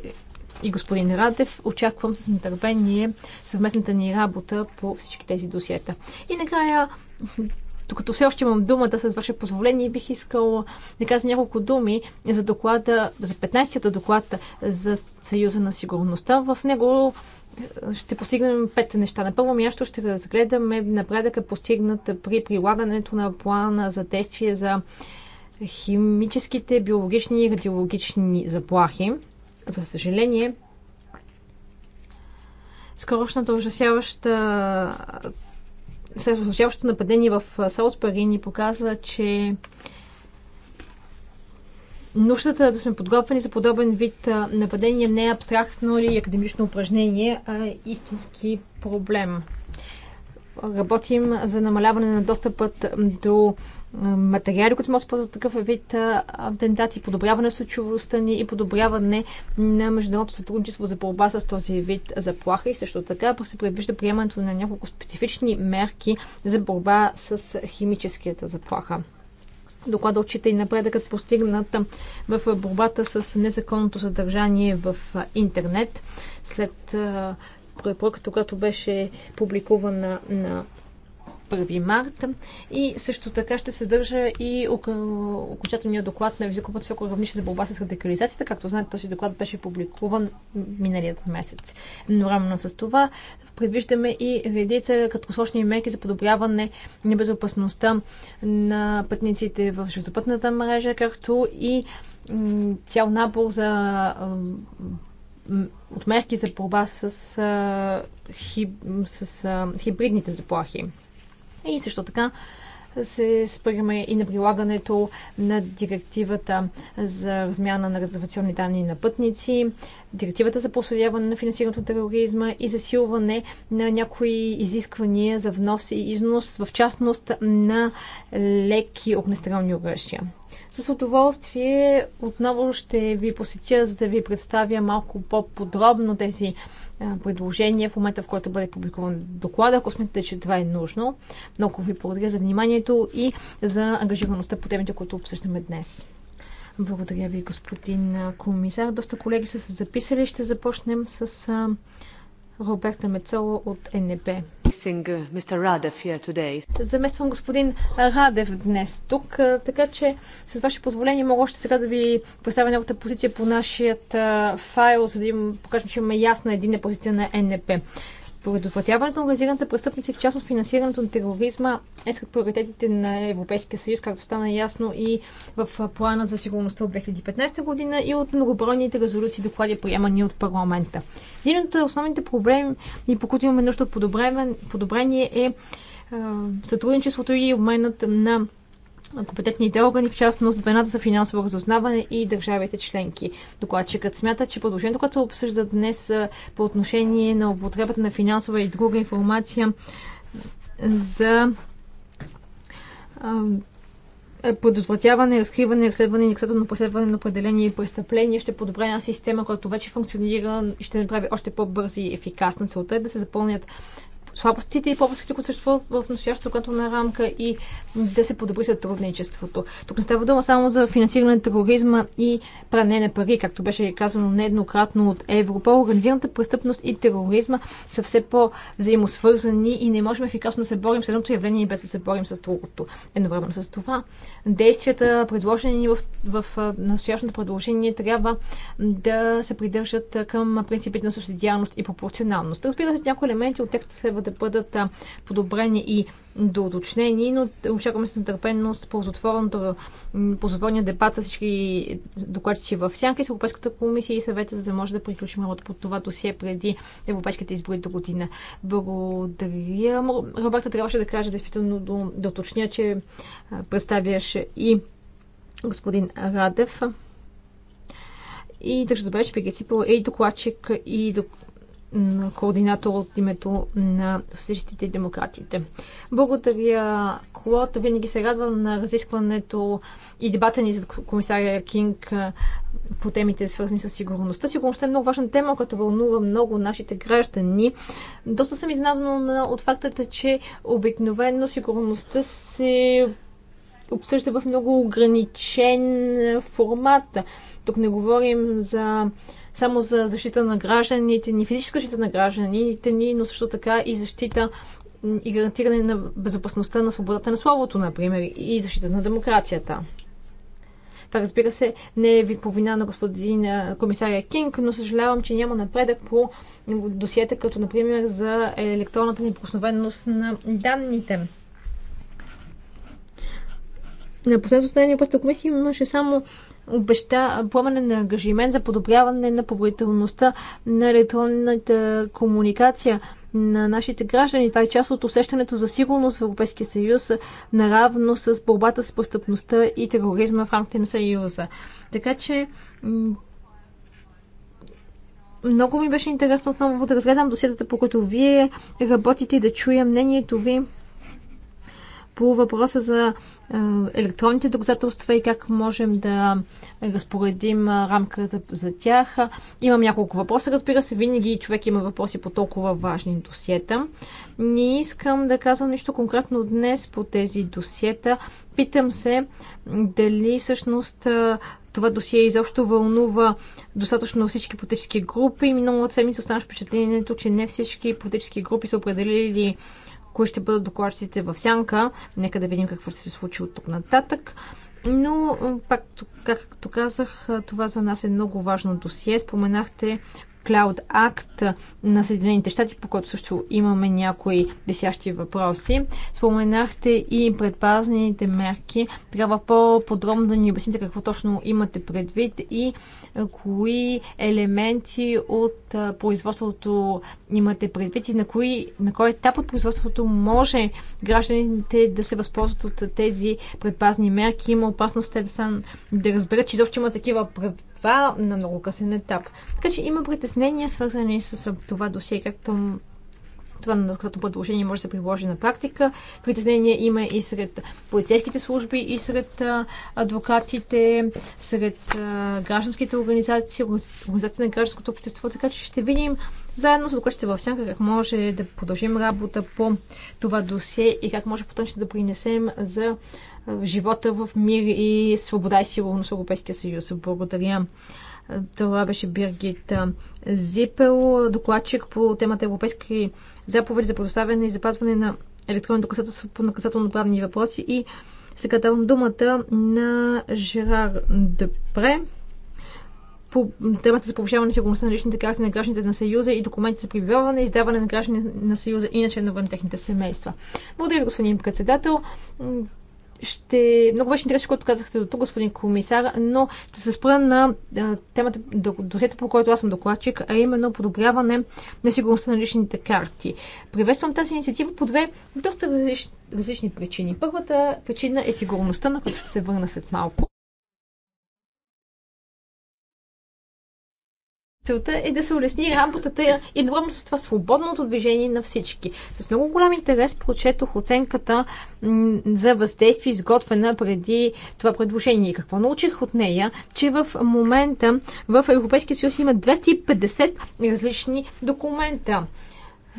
C: и господин Радев. Очаквам с нетърпение съвместната ни работа по всички тези досиета. И накрая, докато все още имам думата, с ваше позволение, бих искал да кажа няколко думи за доклада, за 15-та доклад за Съюза на сигурността. В него ще постигнем пет неща. На първо място ще разгледаме напредъка е постигнат при прилагането на плана за действие за химическите, биологични и радиологични заплахи. За съжаление, скорошната ужасяваща след нападение в Салсбари ни показа, че нуждата да сме подготвени за подобен вид нападение не е абстрактно или академично упражнение, а истински проблем. Работим за намаляване на достъпът до материали, които могат да използват такъв вид атентати, подобряване на случивостта ни и подобряване на международното сътрудничество за борба с този вид заплаха. И също така се предвижда приемането на няколко специфични мерки за борба с химическата заплаха. Доклада отчита и напредъкът постигнат в борбата с незаконното съдържание в интернет. След препоръката, която беше публикувана на 1 март и също така ще съдържа и окончателния доклад на Визикопът високо равнище за борба с радикализацията. Както знаете, този доклад беше публикуван миналият месец. Едновременно с това предвиждаме и редица краткосрочни мерки за подобряване на безопасността на пътниците в железопътната мрежа, както и цял набор за отмерки за борба с, с хибридните заплахи. И също така се спираме и на прилагането на директивата за размяна на резервационни данни на пътници, директивата за проследяване на финансирането на тероризма и засилване на някои изисквания за внос и износ, в частност на леки огнестрелни оръжия. С удоволствие отново ще ви посетя, за да ви представя малко по-подробно тези предложение в момента, в който бъде публикуван доклада, ако смятате, че това е нужно. Много ви благодаря за вниманието и за ангажираността по темите, които обсъждаме днес. Благодаря ви, господин комисар. Доста колеги са се записали. Ще започнем с Роберта Мецола от НБ. Uh, Замествам господин Радев днес тук, така че с ваше позволение мога още сега да ви представя неговата позиция по нашия файл, за да им покажем, че имаме ясна единна позиция на НБ. Предотвратяването на организираната престъпност и в частност финансирането на тероризма е сред приоритетите на Европейския съюз, както стана ясно и в плана за сигурността от 2015 година и от многобройните резолюции и доклади, приемани от парламента. Един от основните проблеми, по които имаме нужда от подобрение, е сътрудничеството и обменът на компетентните органи, в частност звената за финансово разузнаване и държавите членки. Докладчикът смята, че продължението, което се обсъжда днес по отношение на употребата на финансова и друга информация за предотвратяване, разкриване, разследване и наказателно преследване на определени престъпления ще подобря една система, която вече функционира и ще направи още по бързи и ефикасна. Целта е да се запълнят слабостите и пропуските, които съществуват в настоящата законодателна рамка и да се подобри сътрудничеството. Тук не става дума само за финансиране на тероризма и пране на пари, както беше казано нееднократно от Европол. Организираната престъпност и тероризма са все по-взаимосвързани и не можем ефикасно да се борим с едното явление без да се борим с другото. Едновременно с това, действията, предложени в, в настоящото предложение, трябва да се придържат към принципите на субсидиарност и пропорционалност. Разбира се, някои елементи от текста следва да бъдат подобрени и доуточнени, но очакваме с нетърпеност ползотворния дебат с всички докладчици в сянка и с Европейската комисия и съвета, за да може да приключим работа под това досие преди европейските избори до година. Благодаря. Роберта трябваше да каже, действително, да, да уточня, че представяше и господин Радев. И държа да че Пегеципо е и докладчик, и координатор от името на всичките демократите. Благодаря, Клод. Винаги се радвам на разискването и дебата ни за комисаря Кинг по темите, свързани с сигурността. Сигурността е много важна тема, която вълнува много нашите граждани. Доста съм изненадана от факта, че обикновено сигурността се обсъжда в много ограничен формат. Тук не говорим за само за защита на гражданите ни, физическа защита на гражданите ни, но също така и защита и гарантиране на безопасността на свободата на словото, например, и защита на демокрацията. Това, разбира се, не е ви повина на господин комисаря Кинг, но съжалявам, че няма напредък по досиета, като, например, за електронната неприкосновеност на данните на последното състояние на комисия имаше само обеща пламенен ангажимент за подобряване на поверителността на електронната комуникация на нашите граждани. Това е част от усещането за сигурност в Европейския съюз, наравно с борбата с престъпността и тероризма в рамките на съюза. Така че много ми беше интересно отново да разгледам досетата, по които вие работите и да чуя мнението ви по въпроса за електронните доказателства и как можем да разпоредим рамката за тях. Имам няколко въпроса, разбира се, винаги човек има въпроси по толкова важни досиета. Не искам да казвам нищо конкретно днес по тези досиета. Питам се дали всъщност това досие изобщо вълнува достатъчно всички политически групи. Миналата седмица останах впечатлението, че не всички политически групи са определили кои ще бъдат докладчиците в сянка. Нека да видим какво ще се случи от тук нататък. Но, пак, както казах, това за нас е много важно досие. Споменахте Cloud Act на Съединените щати, по който също имаме някои висящи въпроси. Споменахте и предпазните мерки. Трябва по-подробно да ни обясните какво точно имате предвид и кои елементи от производството имате предвид и на, кои, на кой етап от производството може гражданите да се възползват от тези предпазни мерки. Има опасност те да, стан, да разберат, че изобщо има такива това на много късен етап. Така че има притеснения, свързани с това досие, както това на като предложение може да се приложи на практика. Притеснения има и сред полицейските служби, и сред адвокатите, сред гражданските организации, организации на гражданското общество, така че ще видим заедно с докладчите във всяка как може да продължим работа по това досие и как може потенциално да принесем за живота в мир и свобода и сигурност в Европейския съюз. Благодаря. Това беше Биргит Зипел, докладчик по темата Европейски заповеди за предоставяне и запазване на електронни доказателство по наказателно-правни въпроси. И сега давам думата на Жерар Депре по темата за повишаване на сигурността на личните карти на гражданите на Съюза и документите за прибиваване, издаване на граждани на Съюза и на членове на техните семейства. Благодаря господин председател ще... Много беше интересно, което казахте до тук, господин комисар, но ще се спра на темата, досета, по който аз съм докладчик, а именно подобряване на сигурността на личните карти. Приветствам тази инициатива по две доста различни причини. Първата причина е сигурността, на която ще се върна след малко. Целта е да се улесни работата и едновременно с това свободното движение на всички. С много голям интерес прочетох оценката за въздействие, изготвена преди това предложение. Какво научих от нея? Че в момента в Европейския съюз има 250 различни документа.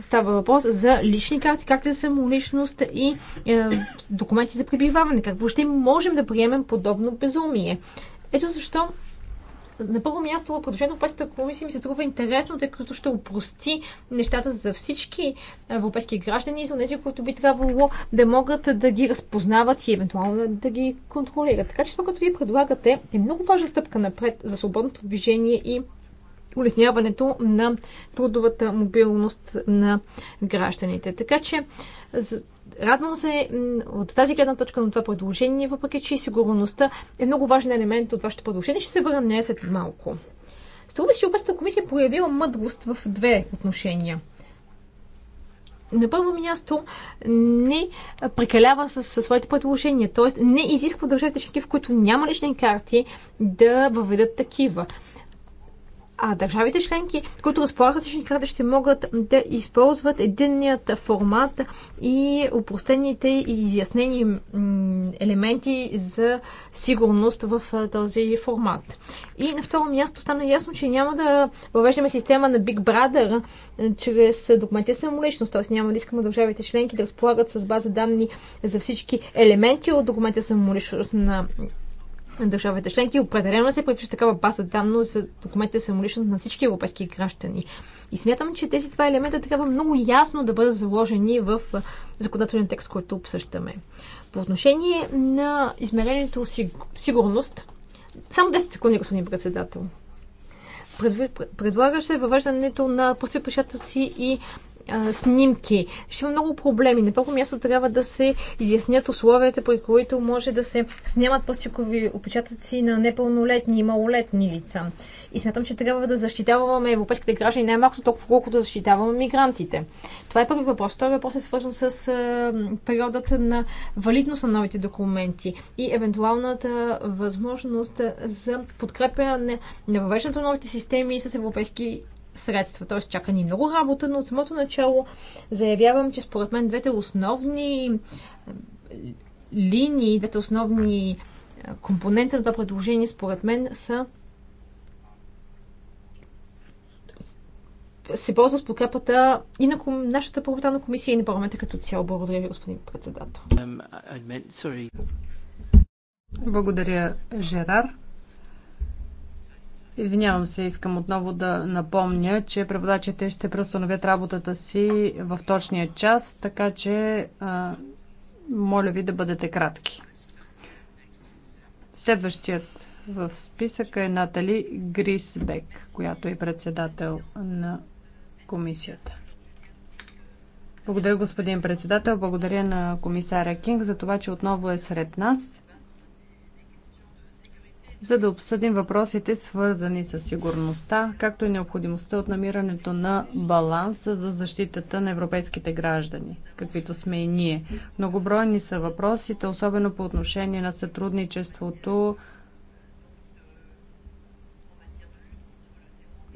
C: Става въпрос за лични карти, както за самоличност и е, документи за пребиваване. Как въобще можем да приемем подобно безумие? Ето защо на първо място, предложението на Европейската комисия ми се струва интересно, тъй като ще упрости нещата за всички европейски граждани и за тези, които би трябвало да могат да ги разпознават и евентуално да ги контролират. Така че това, което вие предлагате, е много важна стъпка напред за свободното движение и улесняването на трудовата мобилност на гражданите. Така че Радвам се от тази гледна точка на това предложение, въпреки че сигурността е много важен елемент от вашето предложение. Ще се върна нея след малко. Струва си, Европейската комисия е проявила мъдрост в две отношения. На първо място не прекалява със с своите предложения, т.е. не изисква държавите членки, в които няма лични карти, да въведат такива. А държавите членки, които разполагат лични карти, ще могат да използват единният формат и упростените и изяснени елементи за сигурност в този формат. И на второ място стана е ясно, че няма да въвеждаме система на Big Brother чрез документи самоличност, т.е. няма да искаме държавите членки да разполагат с база данни за всички елементи от документи самоличност на на държавите членки. Определено се предвижда такава база данно за документите самоличност на всички европейски граждани. И смятам, че тези два елемента трябва много ясно да бъдат заложени в законодателен текст, който обсъждаме. По отношение на измерението сигурност, само 10 секунди, господин председател. Предлага се въвеждането на пустопечатъци и снимки. Ще има много проблеми. На първо място трябва да се изяснят условията, при които може да се снимат пластикови опечатъци на непълнолетни и малолетни лица. И смятам, че трябва да защитаваме европейските граждани най-малко толкова, колкото да защитаваме мигрантите. Това е първи въпрос. Втори въпрос е свързан с а, периодата на валидност на новите документи и евентуалната възможност за подкрепяне на въвеждането на новите системи с европейски средства. Т.е. чака ни много работа, но от самото начало заявявам, че според мен двете основни линии, двете основни компонента на това предложение, според мен, са се ползва с подкрепата и на ком... нашата парламентарна комисия и на парламента като цяло. Благодаря ви, господин председател.
A: Um, meant,
D: Благодаря, Жерар. Извинявам се, искам отново да напомня, че преводачите ще преустановят работата си в точния час, така че а, моля ви да бъдете кратки. Следващият в списъка е Натали Грисбек, която е председател на комисията. Благодаря, господин председател. Благодаря на комисаря Кинг за това, че отново е сред нас за да обсъдим въпросите, свързани с сигурността, както и необходимостта от намирането на баланс за защитата на европейските граждани, каквито сме и ние. Многобройни са въпросите, особено по отношение на сътрудничеството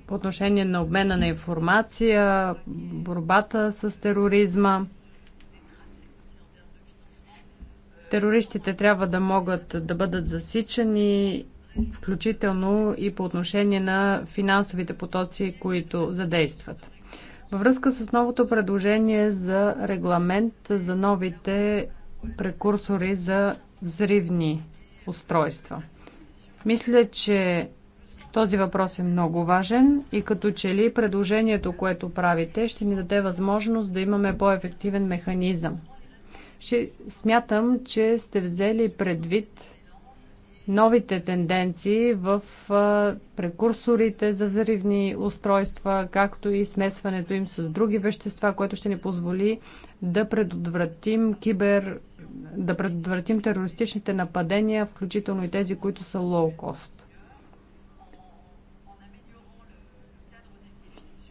D: по отношение на обмена на информация, борбата с тероризма. Терористите трябва да могат да бъдат засичани включително и по отношение на финансовите потоци, които задействат. Във връзка с новото предложение за регламент за новите прекурсори за взривни устройства. Мисля, че този въпрос е много важен и като че ли предложението, което правите, ще ни даде възможност да имаме по-ефективен механизъм. Ще смятам, че сте взели предвид новите тенденции в прекурсорите за взривни устройства, както и смесването им с други вещества, което ще ни позволи да предотвратим кибер да предотвратим терористичните нападения, включително и тези, които са лоукост.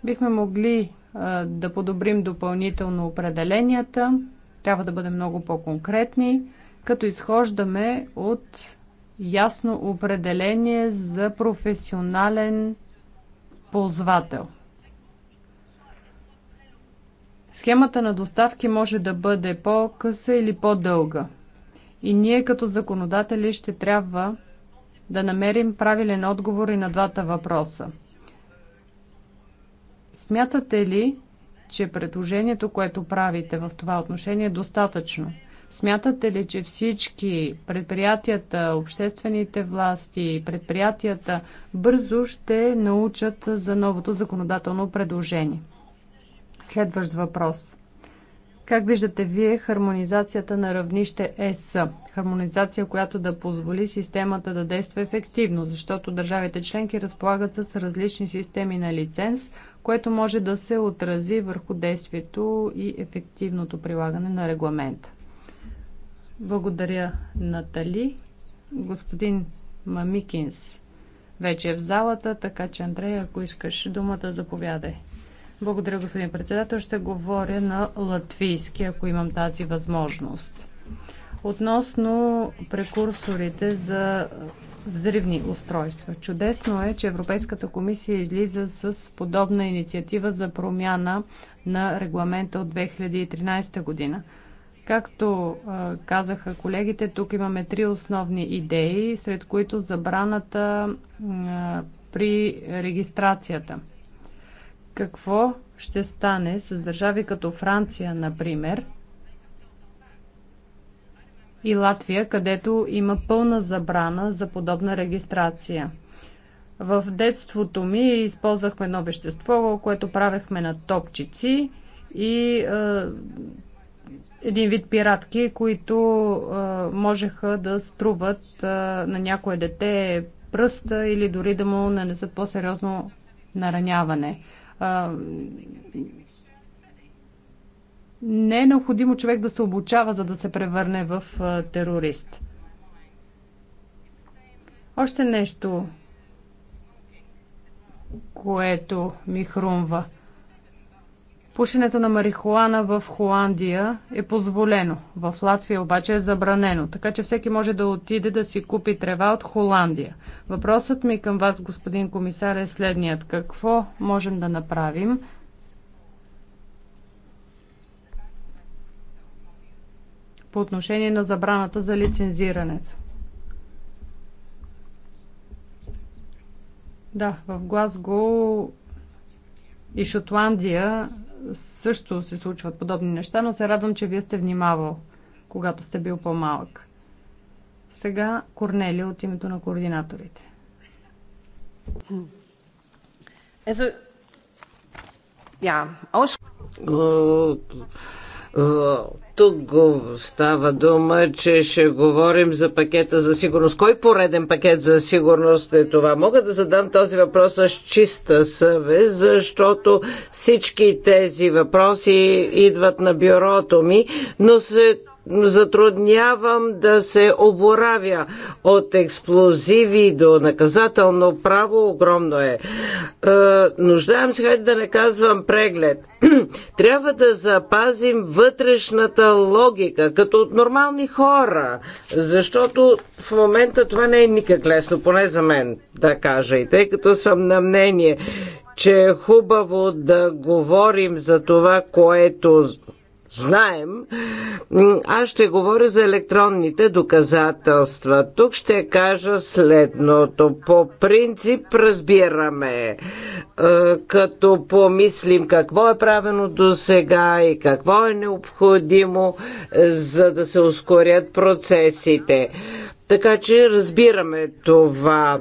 D: Бихме могли а, да подобрим допълнително определенията, трябва да бъдем много по-конкретни, като изхождаме от ясно определение за професионален ползвател. Схемата на доставки може да бъде по-къса или по-дълга. И ние като законодатели ще трябва да намерим правилен отговор и на двата въпроса. Смятате ли, че предложението, което правите в това отношение е достатъчно? Смятате ли, че всички предприятията, обществените власти, предприятията бързо ще научат за новото законодателно предложение? Следващ въпрос. Как виждате вие хармонизацията на равнище ЕС? Хармонизация, която да позволи системата да действа ефективно, защото държавите членки разполагат с различни системи на лиценз, което може да се отрази върху действието и ефективното прилагане на регламента. Благодаря, Натали. Господин Мамикинс вече е в залата, така че, Андрей, ако искаш думата, заповядай. Благодаря, господин председател. Ще говоря на латвийски, ако имам тази възможност. Относно прекурсорите за взривни устройства. Чудесно е, че Европейската комисия излиза с подобна инициатива за промяна на регламента от 2013 година. Както казаха колегите, тук имаме три основни идеи, сред които забраната при регистрацията. Какво ще стане с държави като Франция, например, и Латвия, където има пълна забрана за подобна регистрация? В детството ми използвахме едно вещество, което правехме на топчици и един вид пиратки, които а, можеха да струват а, на някое дете пръста или дори да му нанесат по-сериозно нараняване. А, не е необходимо човек да се обучава, за да се превърне в а, терорист. Още нещо, което ми хрумва – Пушенето на марихуана в Холандия е позволено, в Латвия обаче е забранено, така че всеки може да отиде да си купи трева от Холандия. Въпросът ми към вас, господин комисар, е следният. Какво можем да направим? по отношение на забраната за лицензирането. Да, в Глазго и Шотландия също се случват подобни неща, но се радвам, че вие сте внимавал, когато сте бил по-малък. Сега Корнели от името на координаторите. Ето. ja, aus...
B: Е, е, тук го става дума, че ще говорим за пакета за сигурност. Кой пореден пакет за сигурност е това? Мога да задам този въпрос с чиста съвест, защото всички тези въпроси идват на бюрото ми, но се затруднявам да се оборавя от експлозиви до наказателно право, огромно е. е нуждаем се, хайде да не казвам преглед. Трябва да запазим вътрешната логика, като от нормални хора, защото в момента това не е никак лесно, поне за мен да кажа. И тъй като съм на мнение, че е хубаво да говорим за това, което знаем. Аз ще говоря за електронните доказателства. Тук ще кажа следното. По принцип разбираме, е, като помислим какво е правено до сега и какво е необходимо, е, за да се ускорят процесите. Така че разбираме това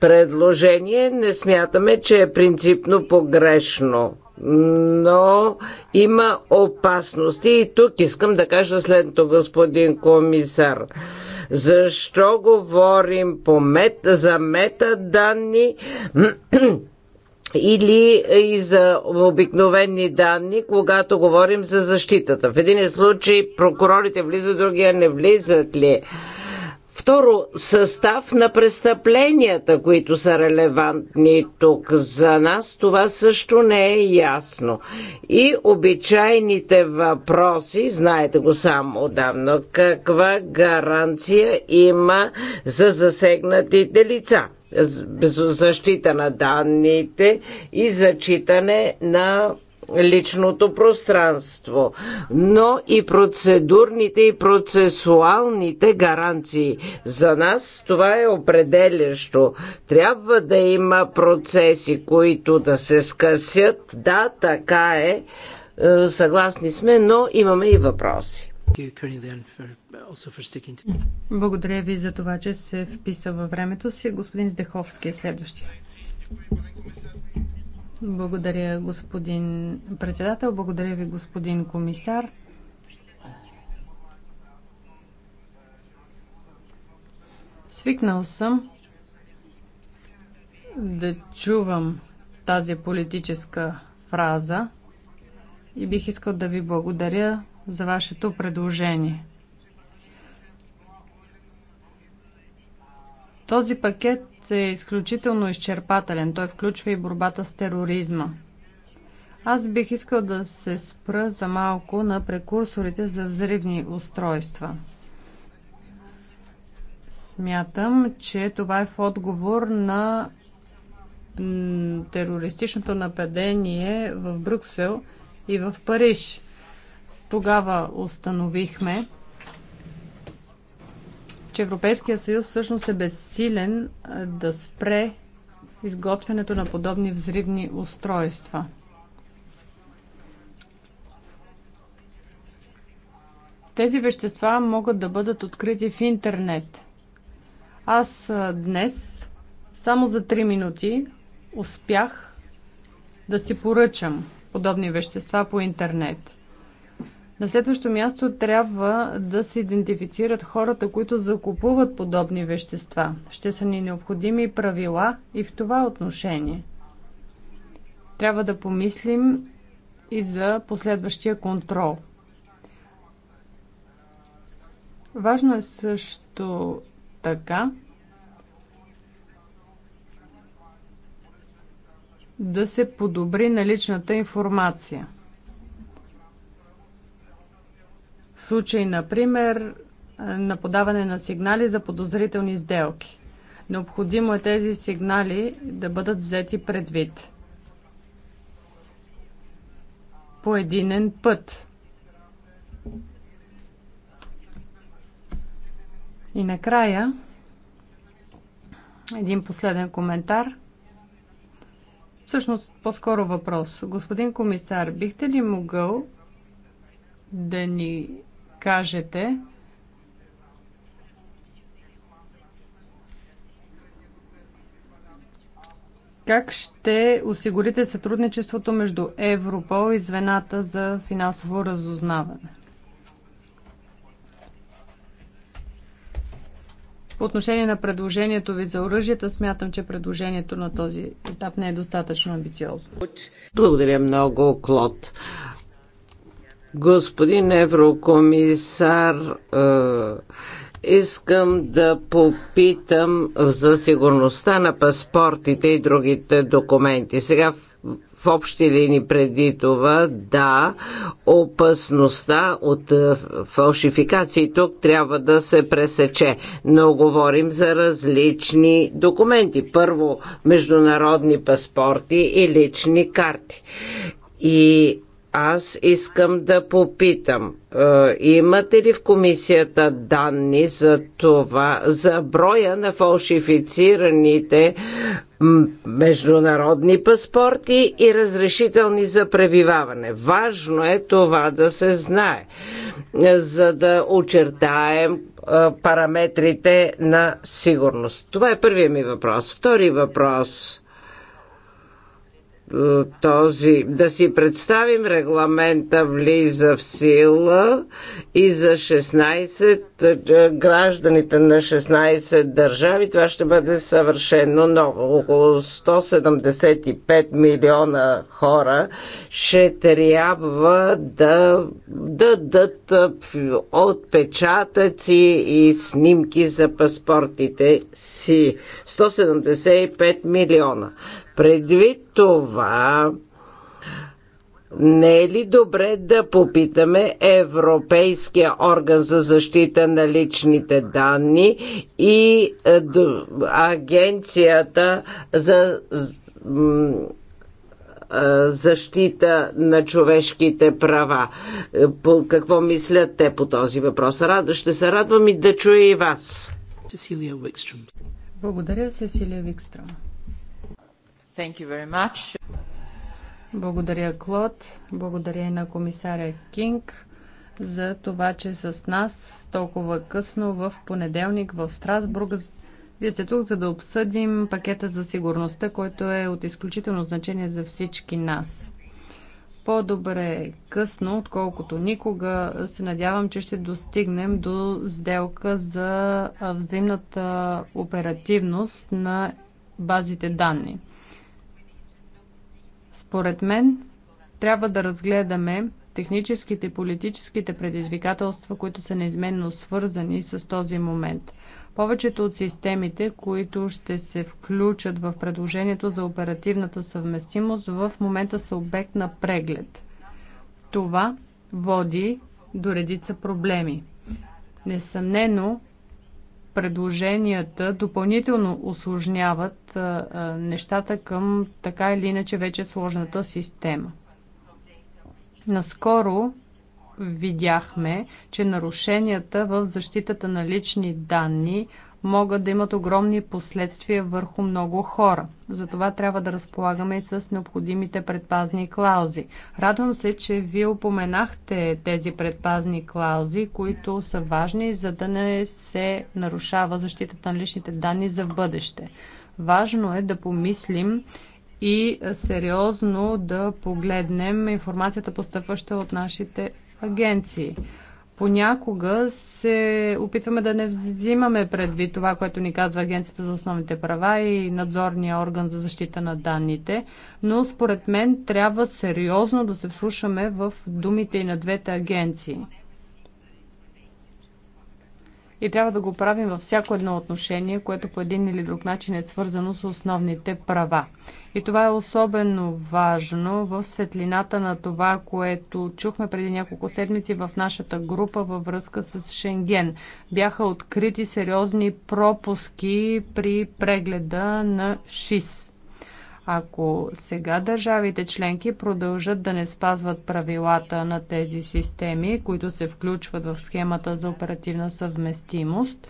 B: предложение. Не смятаме, че е принципно погрешно но има опасности и тук искам да кажа следното, господин комисар. Защо говорим по мет, за метаданни? или и за обикновени данни, когато говорим за защитата. В един случай прокурорите влизат, другия не влизат ли? Второ, състав на престъпленията, които са релевантни тук за нас, това също не е ясно. И обичайните въпроси, знаете го само отдавна, каква гаранция има за засегнатите лица? защита на данните и зачитане на личното пространство, но и процедурните и процесуалните гаранции. За нас това е определящо. Трябва да има процеси, които да се скъсят. Да, така е. е съгласни
A: сме, но имаме и въпроси.
D: Благодаря ви за това, че се вписа във времето си. Господин Здеховски е следващия. Благодаря, господин председател. Благодаря ви, господин комисар. Свикнал съм да чувам тази политическа фраза и бих искал да ви благодаря за вашето предложение. Този пакет е изключително изчерпателен. Той включва и борбата с тероризма. Аз бих искал да се спра за малко на прекурсорите за взривни устройства. Смятам, че това е в отговор на терористичното нападение в Брюксел и в Париж. Тогава установихме, че Европейския съюз всъщност е безсилен да спре изготвянето на подобни взривни устройства. Тези вещества могат да бъдат открити в интернет. Аз днес, само за 3 минути, успях да си поръчам подобни вещества по интернет. На следващо място трябва да се идентифицират хората, които закупуват подобни вещества. Ще са ни необходими правила и в това отношение. Трябва да помислим и за последващия контрол. Важно е също така да се подобри наличната информация – случай, например, на подаване на сигнали за подозрителни сделки. Необходимо е тези сигнали да бъдат взети предвид по единен път. И накрая един последен коментар. Всъщност, по-скоро въпрос. Господин комисар, бихте ли могъл да ни кажете как ще осигурите сътрудничеството между Европол и звената за финансово разузнаване? По отношение на предложението ви за оръжията, смятам, че предложението на този етап не е достатъчно амбициозно.
B: Благодаря много, Клод. Господин еврокомисар, е, искам да попитам за сигурността на паспортите и другите документи. Сега в общи линии преди това, да, опасността от е, фалшификации тук трябва да се пресече. Но говорим за различни документи. Първо, международни паспорти и лични карти. И аз искам да попитам. Е, имате ли в комисията данни за това, за броя на фалшифицираните международни паспорти и разрешителни за пребиваване? Важно е това да се знае, за да очертаем е, параметрите на сигурност. Това е първият ми въпрос. Втори въпрос е, този, да си представим регламента влиза в сила и за 16 е, е, гражданите на 16 държави. Това ще бъде съвършено ново. Около 175 милиона хора ще трябва да дадат отпечатъци и снимки за паспортите си. 175 милиона. Предвид това, не е ли добре да попитаме Европейския орган за защита на личните данни и е, агенцията за е, защита на човешките права. Е, по какво мислят те по този въпрос? Рада, ще се радвам и да чуя и вас.
D: Благодаря, Сесилия Викстрам. Thank you very much. Благодаря, Клод. Благодаря и на комисаря Кинг за това, че е с нас толкова късно в понеделник в Страсбург. Вие сте тук, за да обсъдим пакета за сигурността, който е от изключително значение за всички нас. По-добре е късно, отколкото никога, се надявам, че ще достигнем до сделка за взаимната оперативност на базите данни. Според мен трябва да разгледаме техническите и политическите предизвикателства, които са неизменно свързани с този момент. Повечето от системите, които ще се включат в предложението за оперативната съвместимост, в момента са обект на преглед. Това води до редица проблеми. Несъмнено, предложенията допълнително осложняват нещата към така или иначе вече сложната система. Наскоро видяхме, че нарушенията в защитата на лични данни могат да имат огромни последствия върху много хора. Затова трябва да разполагаме и с необходимите предпазни клаузи. Радвам се, че вие упоменахте тези предпазни клаузи, които са важни, за да не се нарушава защитата на личните данни за в бъдеще. Важно е да помислим и сериозно да погледнем информацията, постъпваща от нашите агенции понякога се опитваме да не взимаме предвид това, което ни казва Агенцията за основните права и надзорния орган за защита на данните, но според мен трябва сериозно да се вслушаме в думите и на двете агенции и трябва да го правим във всяко едно отношение, което по един или друг начин е свързано с основните права. И това е особено важно в светлината на това, което чухме преди няколко седмици в нашата група във връзка с Шенген. Бяха открити сериозни пропуски при прегледа на ШИС. Ако сега държавите членки продължат да не спазват правилата на тези системи, които се включват в схемата за оперативна съвместимост,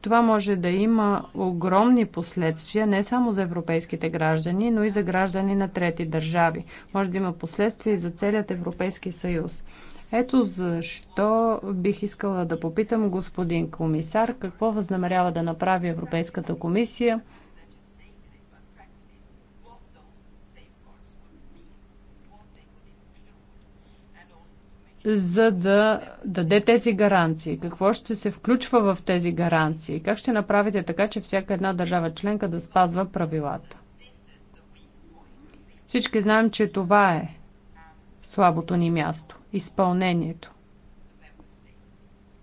D: това може да има огромни последствия не само за европейските граждани, но и за граждани на трети държави. Може да има последствия и за целият Европейски съюз. Ето защо бих искала да попитам господин комисар какво възнамерява да направи Европейската комисия – за да даде тези гаранции? Какво ще се включва в тези гаранции? Как ще направите така, че всяка една държава членка да спазва правилата? Всички знаем, че това е слабото ни място изпълнението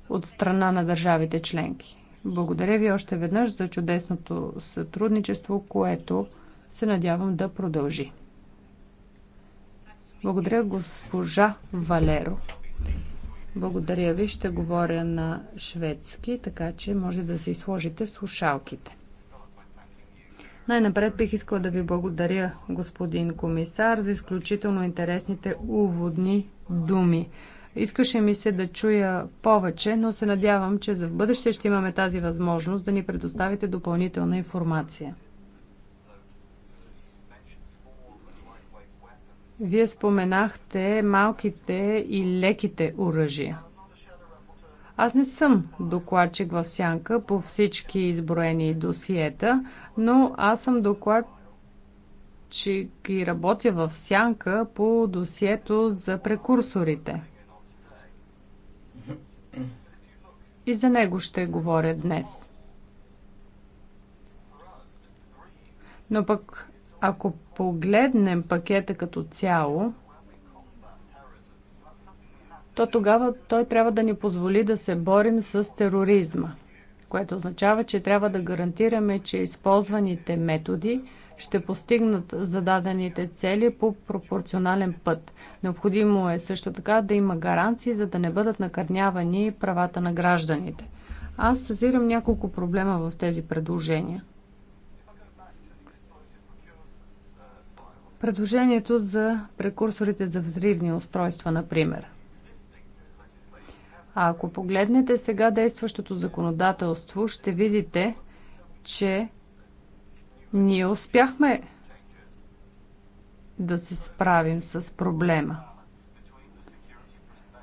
D: от страна на държавите членки. Благодаря ви още веднъж за чудесното сътрудничество, което се надявам да продължи. Благодаря, госпожа Валеро. Благодаря ви. Ще говоря на шведски, така че може да се изложите слушалките. Най-напред бих искала да ви благодаря, господин комисар, за изключително интересните уводни думи. Искаше ми се да чуя повече, но се надявам, че за в бъдеще ще имаме тази възможност да ни предоставите допълнителна информация. Вие споменахте малките и леките оръжия. Аз не съм докладчик в сянка по всички изброени досиета, но аз съм докладчик и работя в сянка по досието за прекурсорите. И за него ще говоря днес. Но пък ако погледнем пакета като цяло, то тогава той трябва да ни позволи да се борим с тероризма, което означава, че трябва да гарантираме, че използваните методи ще постигнат зададените цели по пропорционален път. Необходимо е също така да има гаранции, за да не бъдат накърнявани правата на гражданите. Аз съзирам няколко проблема в тези предложения. Предложението за прекурсорите за взривни устройства, например. А ако погледнете сега действащото законодателство, ще видите, че ние успяхме да се справим с проблема.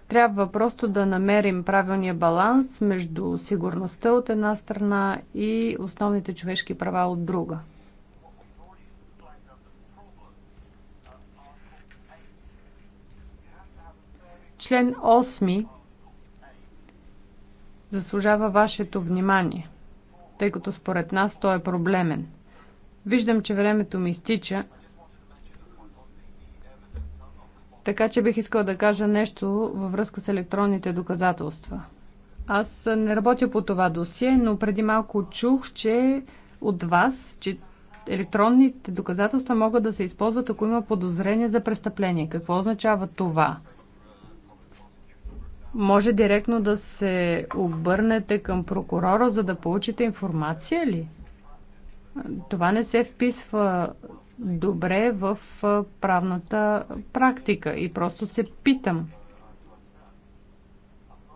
D: Трябва просто да намерим правилния баланс между сигурността от една страна и основните човешки права от друга. Член 8 заслужава вашето внимание, тъй като според нас той е проблемен. Виждам, че времето ми изтича, така че бих искала да кажа нещо във връзка с електронните доказателства. Аз не работя по това досие, но преди малко чух, че от вас, че електронните доказателства могат да се използват, ако има подозрение за престъпление. Какво означава това? Може директно да се обърнете към прокурора, за да получите информация ли? Това не се вписва добре в правната практика и просто се питам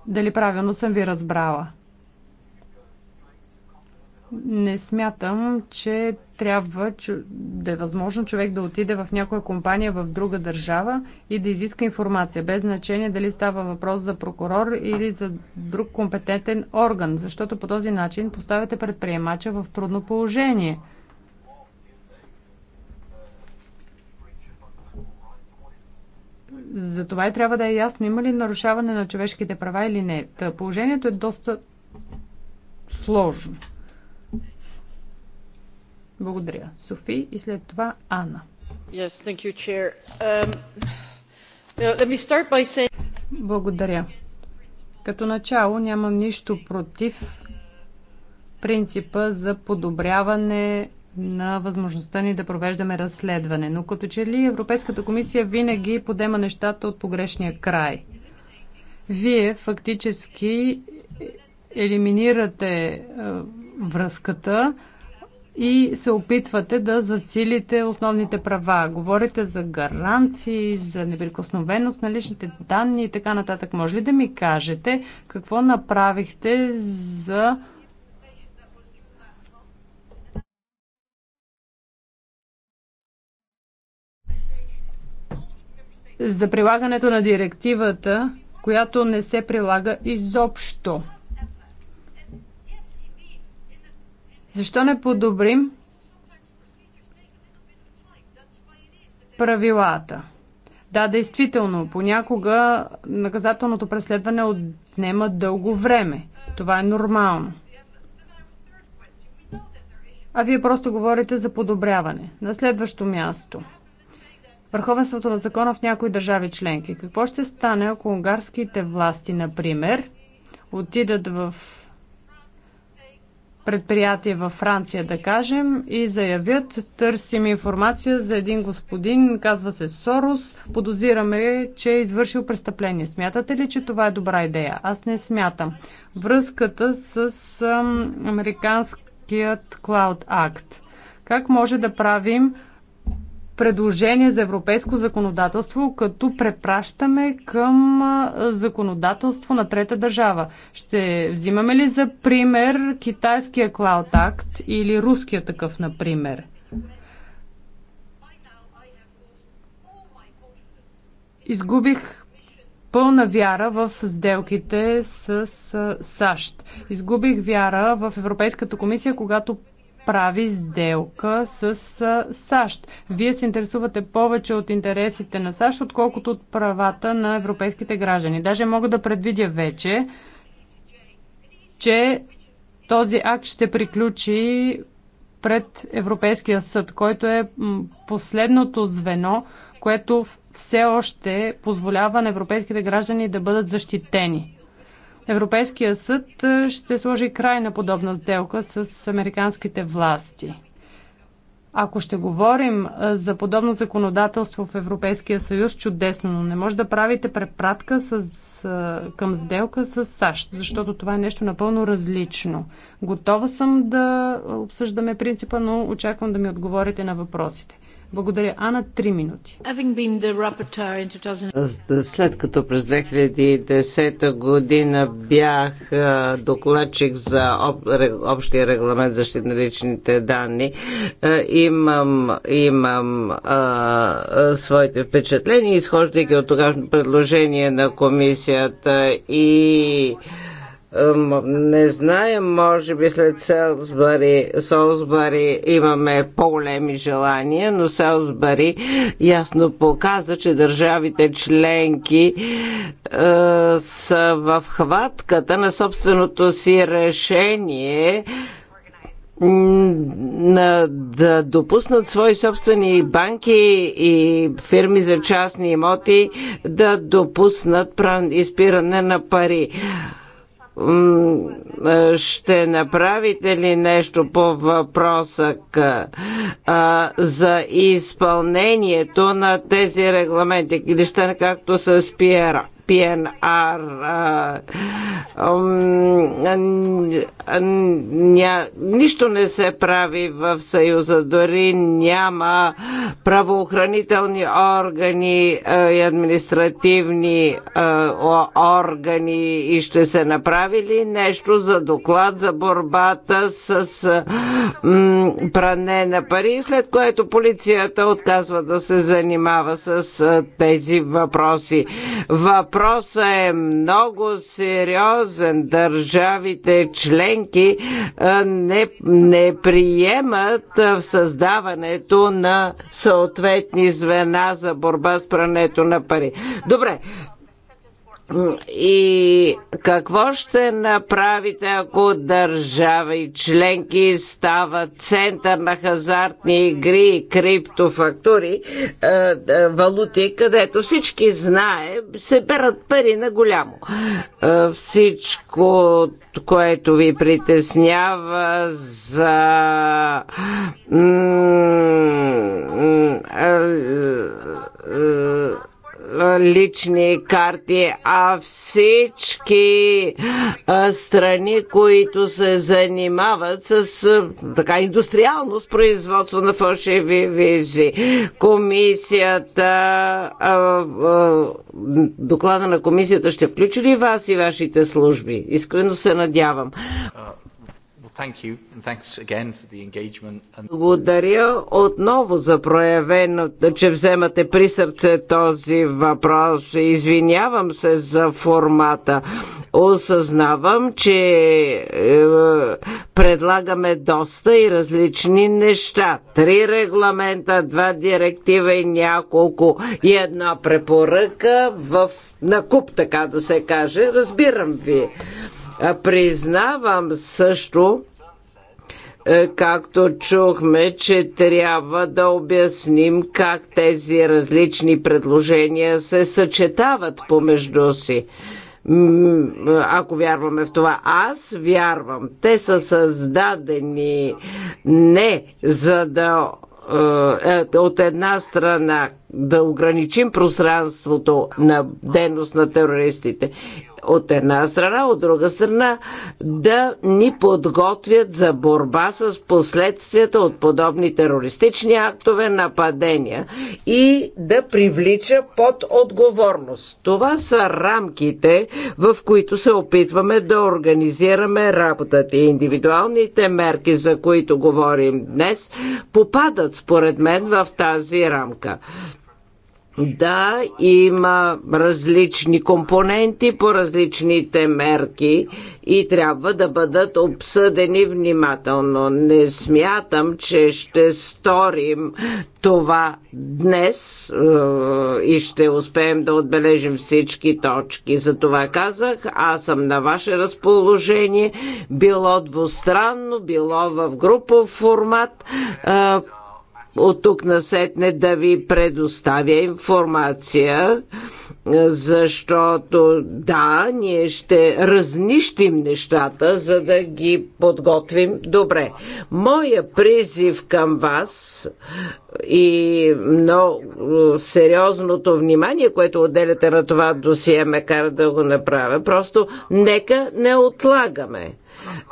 D: дали правилно съм ви разбрала не смятам, че трябва да е възможно човек да отиде в някоя компания в друга държава и да изиска информация, без значение дали става въпрос за прокурор или за друг компетентен орган, защото по този начин поставяте предприемача в трудно положение. За това и трябва да е ясно има ли нарушаване на човешките права или не. Та положението е доста сложно. Благодаря. Софи и след това Анна.
A: Yes, thank you, Chair. Um, let
D: me start by saying... Благодаря. Като начало нямам нищо против принципа за подобряване на възможността ни да провеждаме разследване. Но като че ли Европейската комисия винаги подема нещата от погрешния край. Вие фактически елиминирате връзката и се опитвате да засилите основните права. Говорите за гаранции, за неприкосновеност на личните данни и така нататък. Може ли да ми кажете какво направихте за за прилагането на директивата, която не се прилага изобщо? Защо не подобрим правилата? Да, действително, понякога наказателното преследване отнема дълго време. Това е нормално. А вие просто говорите за подобряване. На следващо място. Върховенството на закона в някои държави членки. Какво ще стане, ако унгарските власти, например, отидат в предприятие във Франция, да кажем, и заявят, търсим информация за един господин, казва се Сорос, подозираме, че е извършил престъпление. Смятате ли, че това е добра идея? Аз не смятам. Връзката с американският Cloud Act. Как може да правим предложение за европейско законодателство, като препращаме към законодателство на трета държава. Ще взимаме ли за пример китайския Cloud Act или руския такъв, например? Изгубих пълна вяра в сделките с САЩ. Изгубих вяра в Европейската комисия, когато прави сделка с САЩ. Вие се интересувате повече от интересите на САЩ, отколкото от правата на европейските граждани. Даже мога да предвидя вече, че този акт ще приключи пред Европейския съд, който е последното звено, което все още позволява на европейските граждани да бъдат защитени. Европейския съд е, ще сложи край на подобна сделка с американските власти. Ако ще говорим е, за подобно законодателство в Европейския съюз, чудесно, но не може да правите препратка с, е, към сделка с САЩ, защото това е нещо напълно различно. Готова съм да обсъждаме принципа, но очаквам да ми отговорите на въпросите. Благодаря. Ана, три минути.
B: След като през 2010 година бях докладчик за общия регламент за защита на личните данни, имам, имам а, своите впечатления, изхождайки от тогашно предложение на комисията и не зная, може би след Селсбари, Солсбари имаме по-големи желания, но Селсбари ясно показа, че държавите членки е, са в хватката на собственото си решение да допуснат свои собствени банки и фирми за частни имоти да допуснат изпиране на пари. Е, ще направите ли нещо по въпроса за изпълнението на тези регламенти, или ще както с Пиера? PNR. Нищо не се прави в Съюза, дори няма правоохранителни органи и административни органи и ще се направи ли нещо за доклад за борбата с пране на пари, след което полицията отказва да се занимава с тези въпроси. Въпрос Въпросът е много сериозен. Държавите членки не, не приемат в създаването на съответни звена за борба с прането на пари. Добре, и какво ще направите, ако държави членки стават център на хазартни игри и криптофактури, е, е, валути, където всички знае, се берат пари на голямо. Е, всичко, което ви притеснява за лични карти, а всички страни, които се занимават с така индустриално с производство на фалшиви визи. Комисията, доклада на комисията ще включи ли вас и вашите служби? Искрено се надявам. Благодаря отново за проявено, че вземате при сърце този въпрос. Извинявам се за формата. Осъзнавам, че е, предлагаме доста и различни неща. Три регламента, два директива и няколко и една препоръка в накуп, така да се каже. Разбирам ви. Признавам също, е, както чухме, че трябва да обясним как тези различни предложения се съчетават помежду си. Ако вярваме в това, аз вярвам. Те са създадени не за да е, е, от една страна да ограничим пространството на дейност на терористите от една страна, от друга страна да ни подготвят за борба с последствията от подобни терористични актове, нападения и да привлича под отговорност. Това са рамките, в които се опитваме да организираме работата. Индивидуалните мерки, за които говорим днес, попадат според мен в тази рамка. Да, има различни компоненти по различните мерки и трябва да бъдат обсъдени внимателно. Не смятам, че ще сторим това днес е, и ще успеем да отбележим всички точки. За това казах, аз съм на ваше разположение, било двустранно, било в групов формат е, от тук насетне да ви предоставя информация, защото да, ние ще разнищим нещата, за да ги подготвим добре. Моя призив към вас и много сериозното внимание, което отделяте на това досие, макар да го направя, просто нека не отлагаме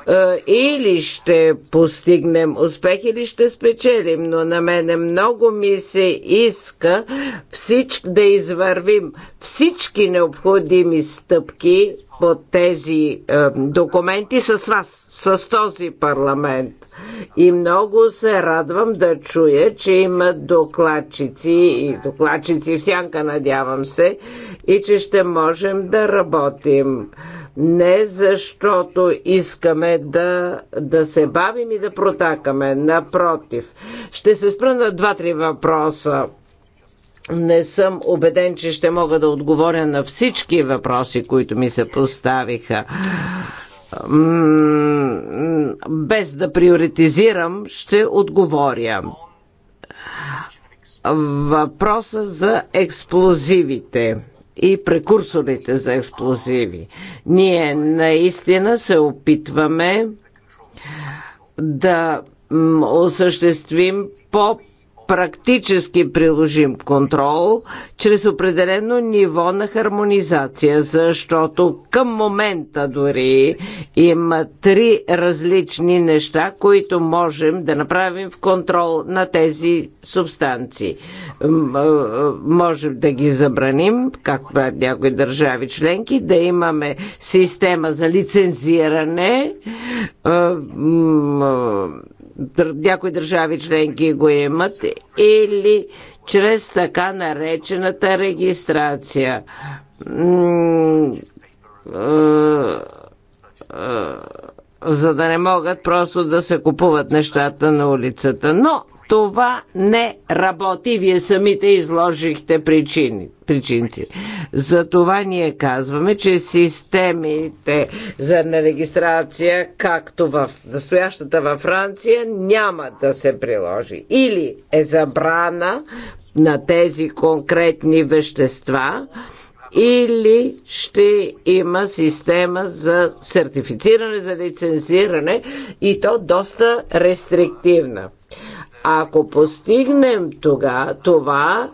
B: е, или ще постигнем успех, или ще спечелим. Но на мене много ми се иска всички да извървим всички необходими стъпки по тези е, документи с вас, с този парламент. И много се радвам да чуя, че има докладчици и докладчици в сянка, надявам се, и че ще можем да работим. Не защото искаме да, да се бавим и да протакаме. Напротив, ще се спра на два-три въпроса. Не съм убеден, че ще мога да отговоря на всички въпроси, които ми се поставиха без да приоритизирам, ще отговоря. Въпроса за експлозивите и прекурсорите за експлозиви. Ние наистина се опитваме да осъществим по практически приложим контрол чрез определено ниво на хармонизация, защото към момента дори има три различни неща, които можем да направим в контрол на тези субстанции. Можем да ги забраним, както правят някои държави членки, да имаме система за лицензиране някои държави членки го имат, или чрез така наречената регистрация. За да не могат просто да се купуват нещата на улицата. Но това не работи. Вие самите изложихте причини, причинци. За това ние казваме, че системите за нерегистрация, както в настоящата във Франция, няма да се приложи. Или е забрана на тези конкретни вещества, или ще има система за сертифициране, за лицензиране и то доста рестриктивна. Ако постигнем тога, това,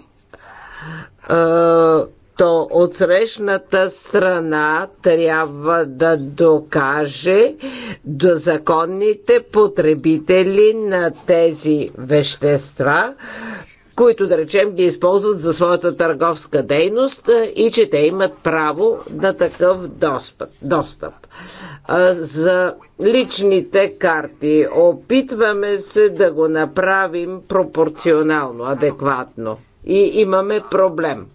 B: то отсрещната страна трябва да докаже до законните потребители на тези вещества, които да речем ги използват за своята търговска дейност и че те имат право на такъв достъп за личните карти. Опитваме се да го направим пропорционално, адекватно. И имаме проблем.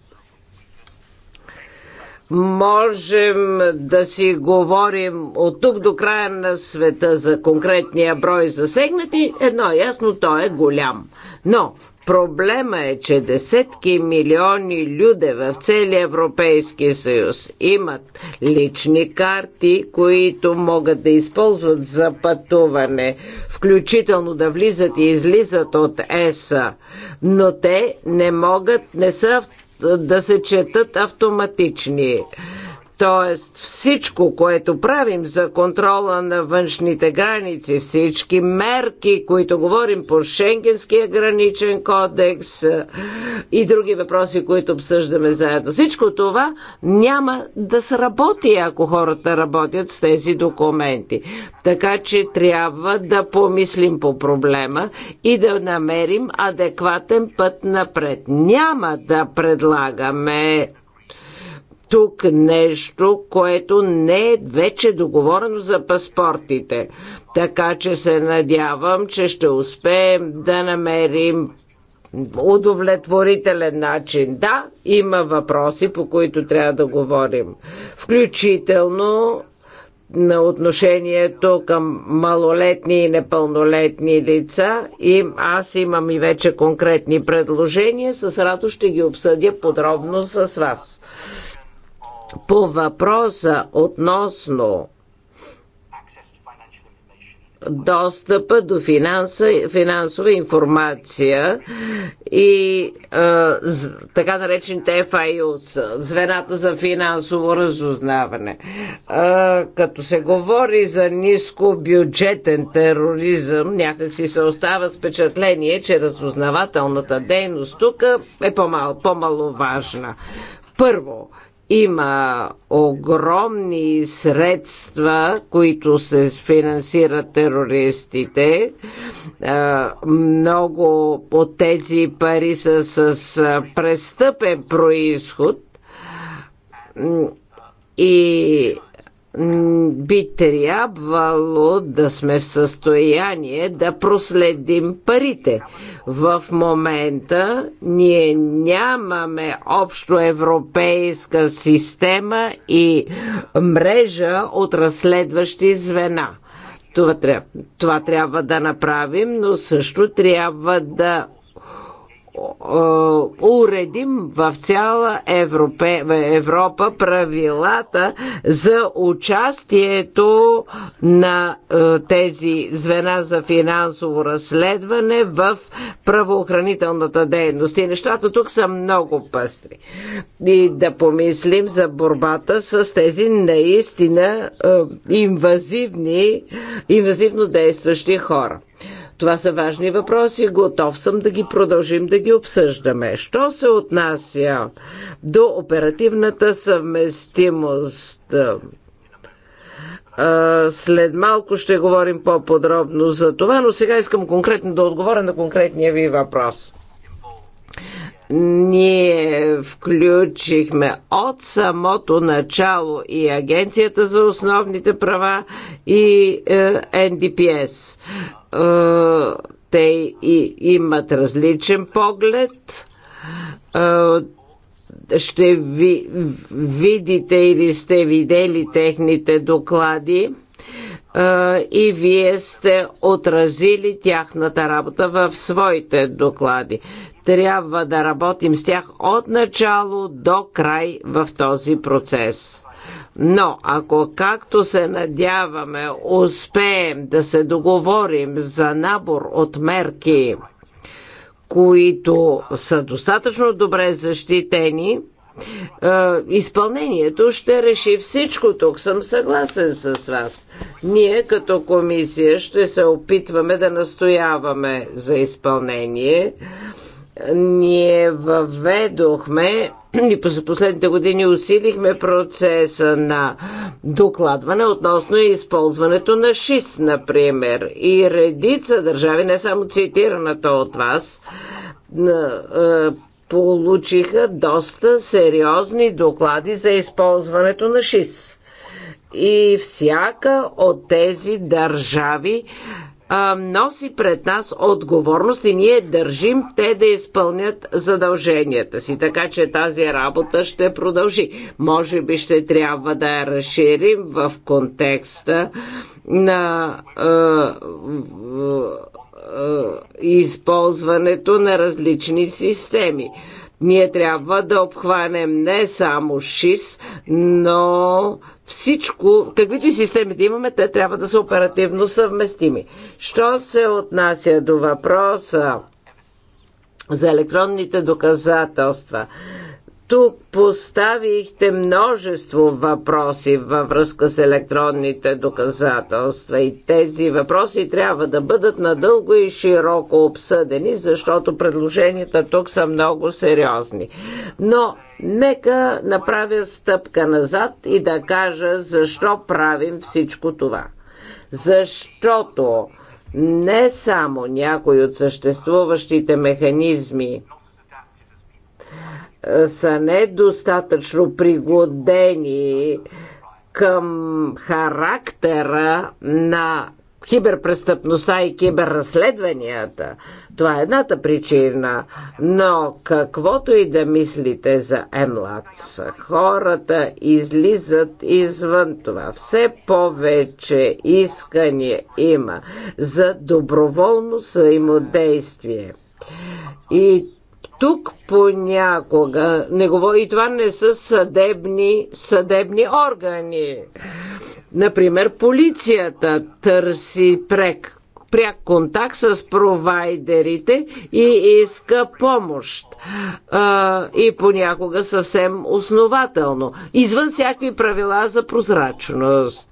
B: Можем да си говорим от тук до края на света за конкретния брой засегнати. Едно е ясно, той е голям. Но Проблема е, че десетки милиони люди в целия Европейски съюз имат лични карти, които могат да използват за пътуване, включително да влизат и излизат от ЕСА, но те не могат, не са да се четат автоматични. Тоест всичко, което правим за контрола на външните граници, всички мерки, които говорим по Шенгенския граничен кодекс и други въпроси, които обсъждаме заедно, всичко това няма да сработи, ако хората работят с тези документи. Така че трябва да помислим по проблема и да намерим адекватен път напред. Няма да предлагаме тук нещо, което не е вече договорено за паспортите. Така че се надявам, че ще успеем да намерим удовлетворителен начин. Да, има въпроси, по които трябва да говорим. Включително на отношението към малолетни и непълнолетни лица. И аз имам и вече конкретни предложения. С радост ще ги обсъдя подробно с вас. По въпроса относно достъпа до финанса, финансова информация и а, така наречените FIUs, звената за финансово разузнаване. А, като се говори за ниско бюджетен тероризъм, някак си се остава впечатление, че разузнавателната дейност тук е по-мал, по-маловажна. Първо, има огромни средства, които се финансират терористите. Много от тези пари са с престъпен происход и би трябвало да сме в състояние да проследим парите. В момента ние нямаме общо европейска система и мрежа от разследващи звена. Това трябва, това трябва да направим, но също трябва да е, уредим в цяла Европе, Европа правилата за участието на е, тези звена за финансово разследване в правоохранителната дейност. И нещата тук са много пъстри. И да помислим за борбата с тези наистина е, инвазивни, инвазивно действащи хора. Това са важни въпроси. Готов съм да ги продължим да ги обсъждаме. Що се отнася до оперативната съвместимост? След малко ще говорим по-подробно за това, но сега искам конкретно да отговоря на конкретния ви въпрос ние включихме от самото начало и Агенцията за основните права и е, НДПС. Е, те и имат различен поглед. Е, ще ви, видите или сте видели техните доклади е, и вие сте отразили тяхната работа в своите доклади. Трябва да работим с тях от начало до край в този процес. Но ако както се надяваме успеем да се договорим за набор от мерки, които са достатъчно добре защитени, е, изпълнението ще реши всичко. Тук съм съгласен с вас. Ние като комисия ще се опитваме да настояваме за изпълнение ние въведохме и за последните години усилихме процеса на докладване относно използването на ШИС, например. И редица държави, не само цитираната от вас, получиха доста сериозни доклади за използването на ШИС. И всяка от тези държави а, носи пред нас отговорност и ние държим те да изпълнят задълженията си. Така че тази работа ще продължи. Може би ще трябва да я разширим в контекста на. А, а, използването на различни системи. Ние трябва да обхванем не само ШИС, но всичко, каквито и системите имаме, те трябва да са оперативно съвместими. Що се отнася до въпроса за електронните доказателства? Тук поставихте множество въпроси във връзка с електронните доказателства и тези въпроси трябва да бъдат надълго и широко обсъдени, защото предложенията тук са много сериозни. Но нека направя стъпка назад и да кажа защо правим всичко това. Защото не само някои от съществуващите механизми са недостатъчно пригодени към характера на киберпрестъпността и киберразследванията. Това е едната причина. Но каквото и да мислите за МЛАДС, хората излизат извън това. Все повече искания има за доброволно взаимодействие. И тук понякога не говори, и това не са съдебни, съдебни органи. Например, полицията търси прек пряк контакт с провайдерите и иска помощ. А, и понякога съвсем основателно. Извън всякакви правила за прозрачност.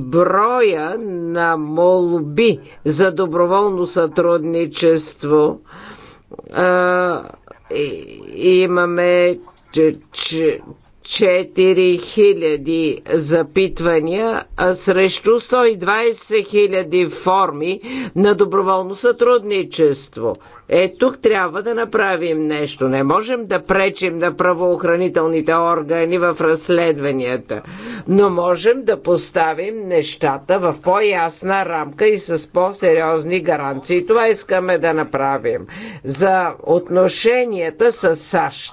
B: броя на молби за доброволно сътрудничество а, и, имаме че, че, 4000 запитвания срещу 120 000 форми на доброволно сътрудничество. Е, тук трябва да направим нещо. Не можем да пречим на правоохранителните органи в разследванията, но можем да поставим нещата в по-ясна рамка и с по-сериозни гаранции. Това искаме да направим за отношенията с САЩ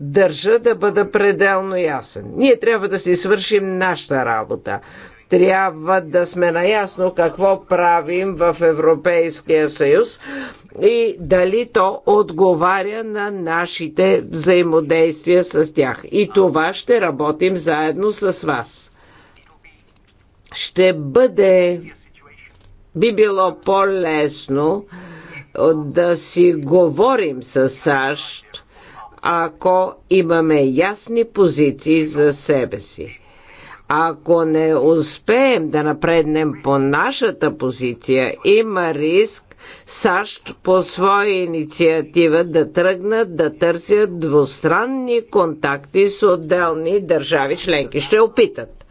B: Държа да бъда пределно ясен. Ние трябва да си свършим нашата работа трябва да сме наясно какво правим в Европейския съюз и дали то отговаря на нашите взаимодействия с тях. И това ще работим заедно с вас. Ще бъде. Би било по-лесно да си говорим с САЩ ако имаме ясни позиции за себе си. Ако не успеем да напреднем по нашата позиция, има риск САЩ по своя инициатива да тръгнат да търсят двустранни контакти с отделни държави членки. Ще опитат.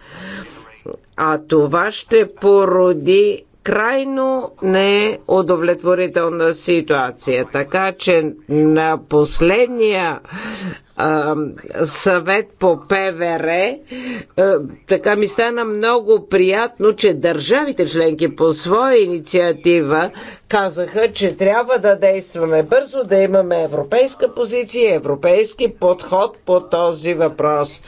B: А това ще породи крайно не е удовлетворителна ситуация. Така че на последния а, съвет по ПВР а, така ми стана много приятно, че държавите членки по своя инициатива казаха, че трябва да действаме бързо, да имаме европейска позиция, европейски подход по този въпрос.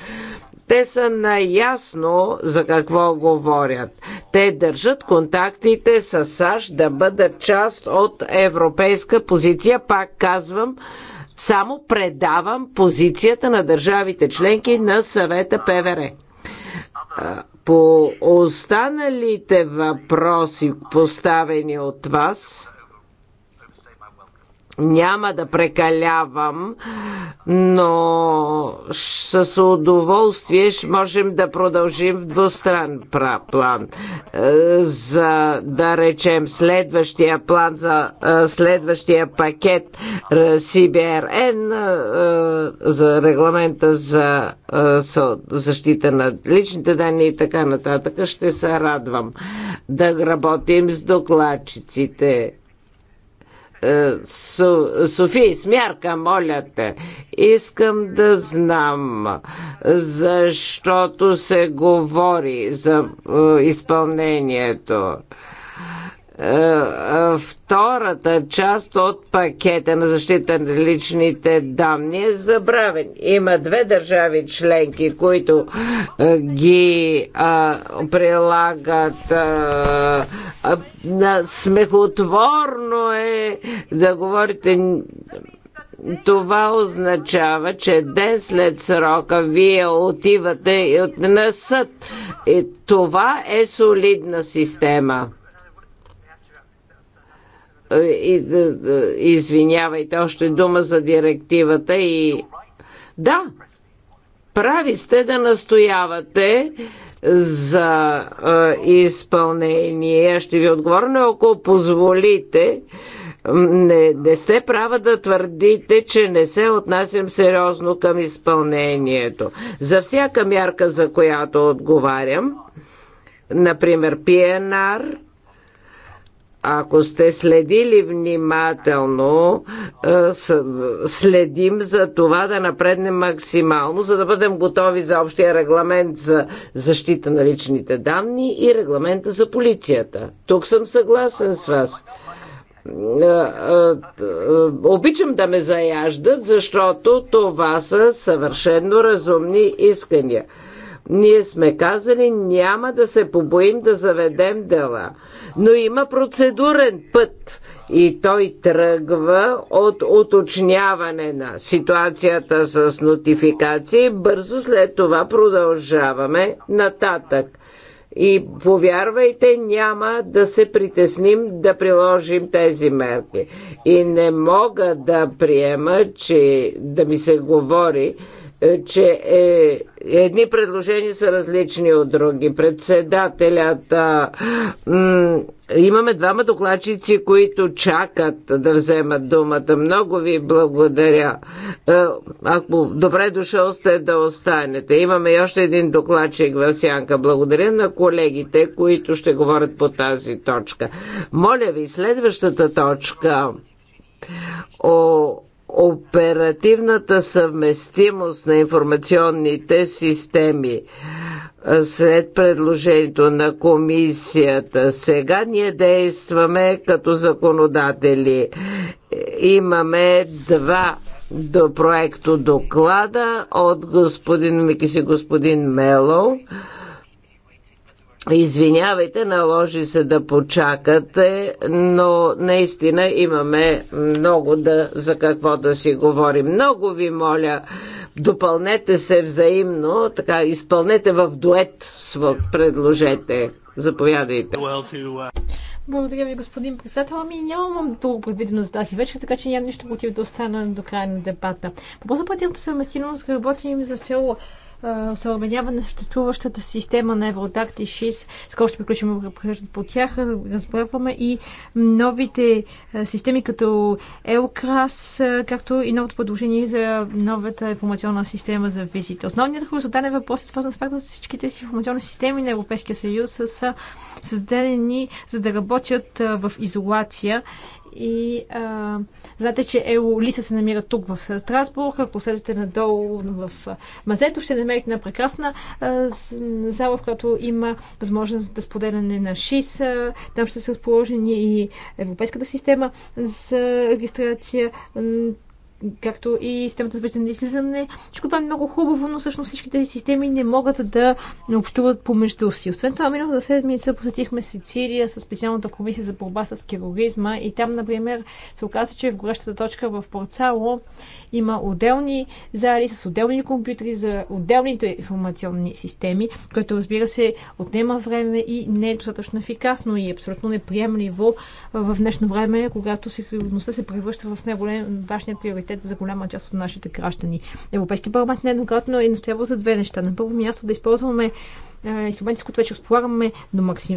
B: Те са наясно за какво говорят. Те държат контактите с САЩ да бъдат част от европейска позиция. Пак казвам, само предавам позицията на държавите членки на съвета ПВР. По останалите въпроси, поставени от вас, няма да прекалявам, но с удоволствие можем да продължим в двустран план. Е, за да речем следващия план за е, следващия пакет е, CBRN за регламента за защита на личните данни и така нататък. Ще се радвам да работим с докладчиците е, Софи, смярка, моля те. Искам да знам, защото се говори за е, изпълнението. Е, е, втората част от пакета на защита на личните данни е забравен. Има две държави членки, които е, ги а, прилагат. А, а, смехотворно е да говорите това означава, че ден след срока вие отивате и от съд. И това е солидна система. Е, и, извинявайте, още дума за директивата и да, прави сте да настоявате за а, е, изпълнение. Ще ви отговоря, но ако позволите, не, не сте права да твърдите, че не се отнасям сериозно към изпълнението. За всяка мярка, за която отговарям, например, ПНР, ако сте следили внимателно, е, следим за това да напреднем максимално, за да бъдем готови за общия регламент за защита на личните данни и регламента за полицията. Тук съм съгласен с вас е, е, обичам да ме заяждат, защото това са съвършенно разумни искания. Ние сме казали, няма да се побоим да заведем дела. Но има процедурен път и той тръгва от уточняване на ситуацията с нотификации. Бързо след това продължаваме нататък. И повярвайте, няма да се притесним да приложим тези мерки. И не мога да приема, че да ми се говори, че е, едни предложения са различни от други. Председателят. А, имаме двама докладчици, които чакат да вземат думата. Много ви благодаря. Е, ако добре дошъл сте да останете. Имаме и още един докладчик в Сянка. Благодаря на колегите, които ще говорят по тази точка. Моля ви, следващата точка. О, оперативната съвместимост на информационните системи след предложението на комисията. Сега ние действаме като законодатели. Имаме два до проекто доклада от господин Микис и господин Мело Извинявайте, наложи се да почакате, но наистина имаме много да, за какво да си говорим. Много ви моля, допълнете се взаимно, така изпълнете в дует, предложете. Заповядайте.
C: Благодаря ви, господин председател. Ами нямам друго предвидено за тази вечер, така че нямам нищо против да остана до края на дебата. По по-съпътилната съвместимост работим за село. цяло съвременява на съществуващата система на Евротакт и ШИС. Скоро ще приключим по тях. Разбърваме и новите системи като ЕЛКРАС, както и новото предложение за новата информационна система за визите. Основният хоризонтален въпрос е свързан с факта, че всички тези информационни системи на Европейския съюз са създадени за да работят в изолация и а, знаете, че Лиса се намира тук в Страсбург. Ако следите надолу в мазето, ще намерите една прекрасна а, зала, в която има възможност за да споделяне на ШИС. Там ще са разположени и Европейската система за регистрация както и системата за влизане и излизане. Всичко това е много хубаво, но всъщност всички тези системи не могат да не общуват помежду си. Освен това, миналата седмица посетихме Сицилия с специалната комисия за борба с тероризма и там, например, се оказа, че в горещата точка в Порцало има отделни зали с отделни компютри за отделните информационни системи, което разбира се отнема време и не е достатъчно ефикасно и е абсолютно неприемливо в днешно време, когато сигурността се превръща в най-голям важният приоритет приоритет за голяма част от нашите граждани. Европейски парламент нееднократно е настоявал за две неща. На първо място да използваме е, инструменти, с които вече разполагаме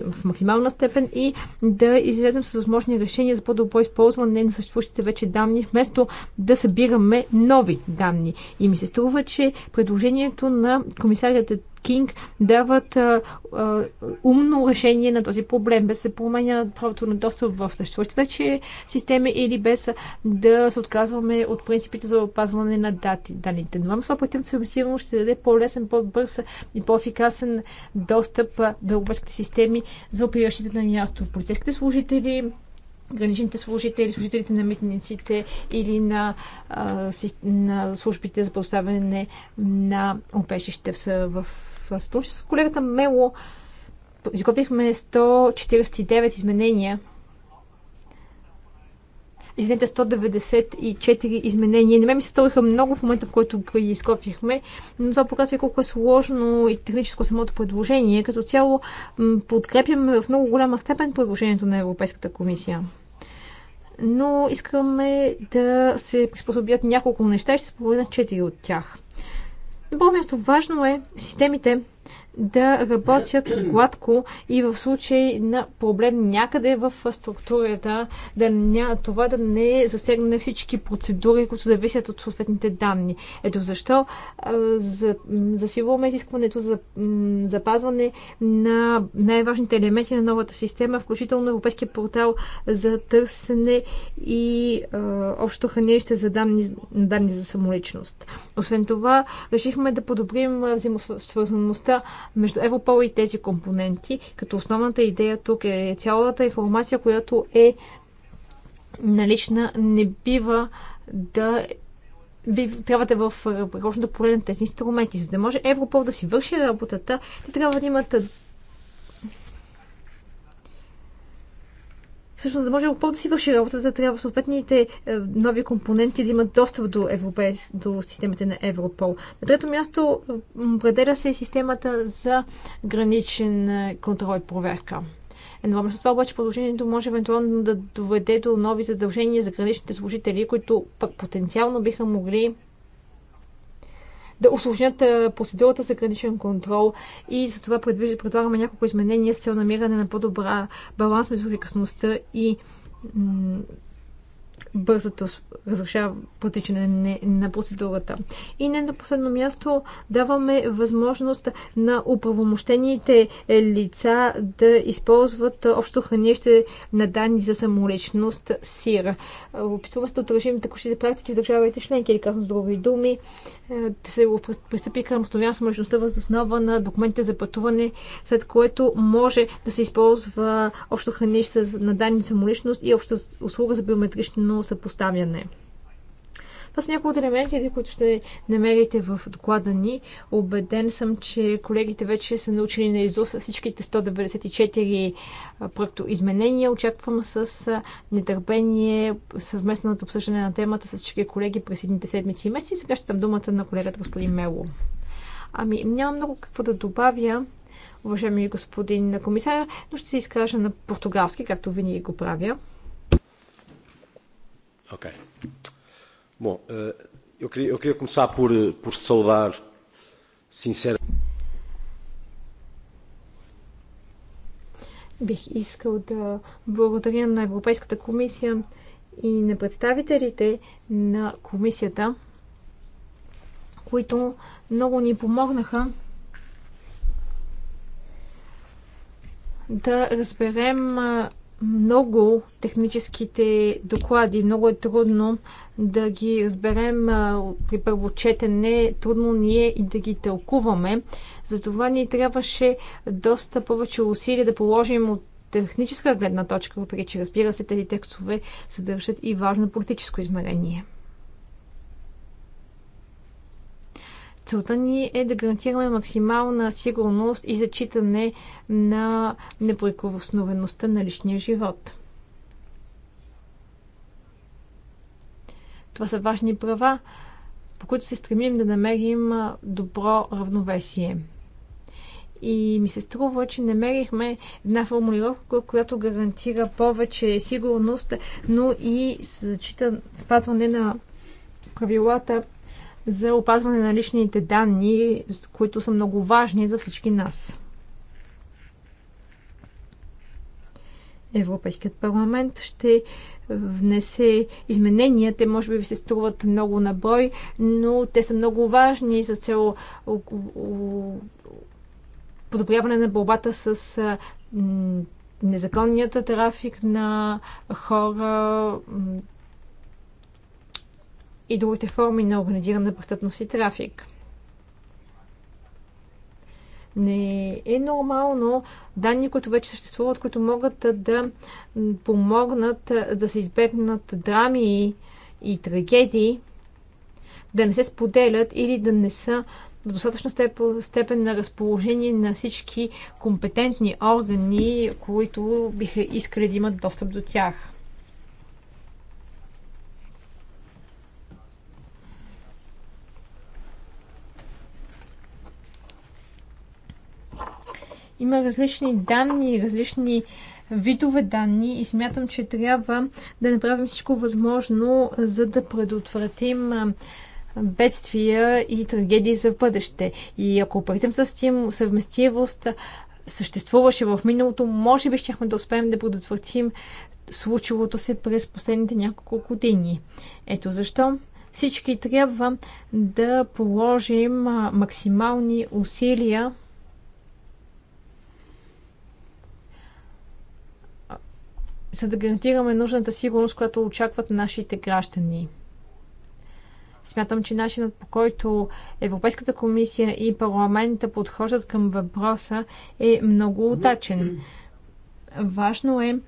C: в максимална степен и да излезем с възможни решения за по-добро използване на съществуващите вече данни, вместо да събираме нови данни. И ми се струва, че предложението на комисарията Кинг дават а, а, умно решение на този проблем, без да се променя правото на достъп в съществуващите вече системи или без да се отказваме от принципите за опазване на дати, данните. Но това пътят ще даде по-лесен, по-бърз и по-ефикасен достъп до обръчките системи за опиращите на място. Полицейските служители, граничните служители, служителите на митниците или на, а, на службите за поставяне на опешище в, в сътрудничество. С колегата Мело изготвихме 149 изменения. Извинете, 194 изменения. Не ме ми се сториха много в момента, в който ги изготвихме, но това показва колко е сложно и техническо самото предложение. Като цяло подкрепяме в много голяма степен предложението на Европейската комисия но искаме да се приспособят няколко неща и ще спомена четири от тях. На първо място важно е системите да работят гладко и в случай на проблем някъде в структурата, да ня, това да не засегне всички процедури, които зависят от съответните данни. Ето защо за, изискването за запазване на най-важните елементи на новата система, включително Европейския портал за търсене и а, общо хранилище за данни, данни за самоличност. Освен това, решихме да подобрим взаимосвързаността между Европол и тези компоненти, като основната идея тук е цялата информация, която е налична, не бива да би, трябва да е в приложното поле на тези инструменти. За да може Европол да си върши работата, те трябва да имат всъщност да може Европол да си върши работата, трябва съответните е, нови компоненти да имат достъп до, европейс, до системите на Европол. На трето място определя се системата за граничен е, контрол и проверка. Едновременно с това обаче продължението може евентуално да доведе до нови задължения за граничните служители, които пък потенциално биха могли да осложнят процедурата за граничен контрол и за това предлагаме няколко изменения с цел намиране на по-добра баланс между ефикасността и бързото разрешава протичане на процедурата. И не на последно място даваме възможност на управомощените лица да използват общо хранище на данни за самоличност СИР. Опитваме се да отражим такощите практики в държавите членки, или казвам с други думи, е, да се пристъпи към установяване самоличността въз основа на документите за пътуване, след което може да се използва общо хранище на данни за самоличност и обща услуга за биометрично съпоставяне. Това са някои от елементите, които ще намерите в доклада ни. Обеден съм, че колегите вече са научили на изус всичките 194 проекто изменения. Очаквам с нетърпение съвместното обсъждане на темата с всички колеги през едните седмици и месеци. Сега ще дам думата на колегата господин Мело. Ами, няма много какво да добавя, уважаеми господин комисар, но ще се изкажа на португалски, както винаги го правя.
D: Ok. Bom, eh, eu queria, eu queria começar por, eh, por saudar sinceramente.
C: Бих искал да благодаря на Европейската комисия и на представителите на комисията, които много ни помогнаха да разберем много техническите доклади. Много е трудно да ги разберем при първо четене. Трудно ни е и да ги тълкуваме. Затова ни трябваше доста повече усилия да положим от техническа гледна точка, въпреки че разбира се тези текстове съдържат и важно политическо измерение. Целта ни е да гарантираме максимална сигурност и зачитане на неприкосновеността на личния живот. Това са важни права, по които се стремим да намерим добро равновесие. И ми се струва, че намерихме една формулировка, която гарантира повече сигурност, но и спазване на правилата за опазване на личните данни, които са много важни за всички нас. Европейският парламент ще внесе изменения. Те може би ви се струват много на бой, но те са много важни за цел подобряване на борбата с незаконният трафик на хора, и другите форми на организирана престъпност и трафик. Не е нормално данни, които вече съществуват, които могат да помогнат да се избегнат драми и трагедии, да не се споделят или да не са в достатъчна степен на разположение на всички компетентни органи, които биха искали да имат достъп до тях. Има различни данни, различни видове данни и смятам, че трябва да направим всичко възможно, за да предотвратим бедствия и трагедии за бъдеще. И ако опретим с съвместивост съществуваше в миналото, може би щяхме да успеем да предотвратим случилото се през последните няколко години. Ето защо всички трябва да положим максимални усилия за да гарантираме нужната сигурност, която очакват нашите граждани. Смятам, че начинът по който Европейската комисия и парламента подхождат към въпроса е много удачен. Важно е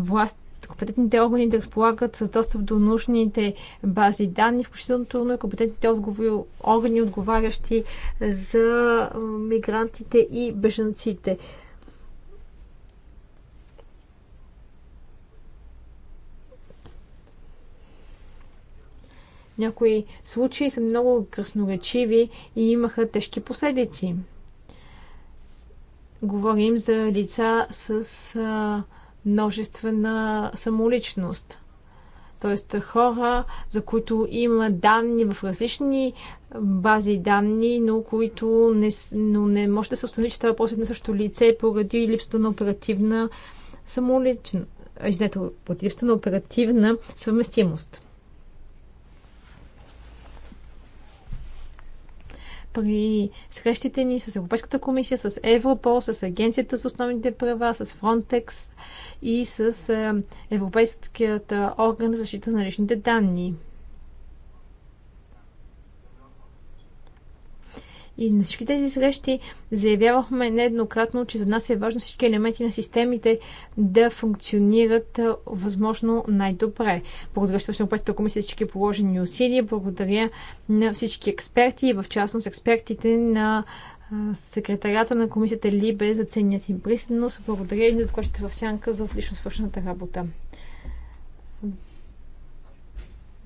C: власт, компетентните органи да разполагат с достъп до нужните бази данни, включително и е компетентните отговори, органи, отговарящи за мигрантите и бежанците. Някои случаи са много красноречиви и имаха тежки последици. Говорим за лица с а, множествена самоличност. Тоест хора, за които има данни в различни бази данни, но които не, но не може да се установи, че това е на същото лице поради липсата на оперативна самоличност. Извинете, липсата на оперативна съвместимост. при срещите ни с Европейската комисия, с Европол, с Агенцията за основните права, с Фронтекс и с е, Европейският е, орган за защита на личните данни. И на всички тези срещи заявявахме нееднократно, че за нас е важно всички елементи на системите да функционират възможно най-добре. Благодаря на Европейската комисия всички положени усилия, благодаря на всички експерти и в частност експертите на секретарята на комисията Либе за ценният им пристъпност. Благодаря и на докладчите в сянка за отлично свършената работа.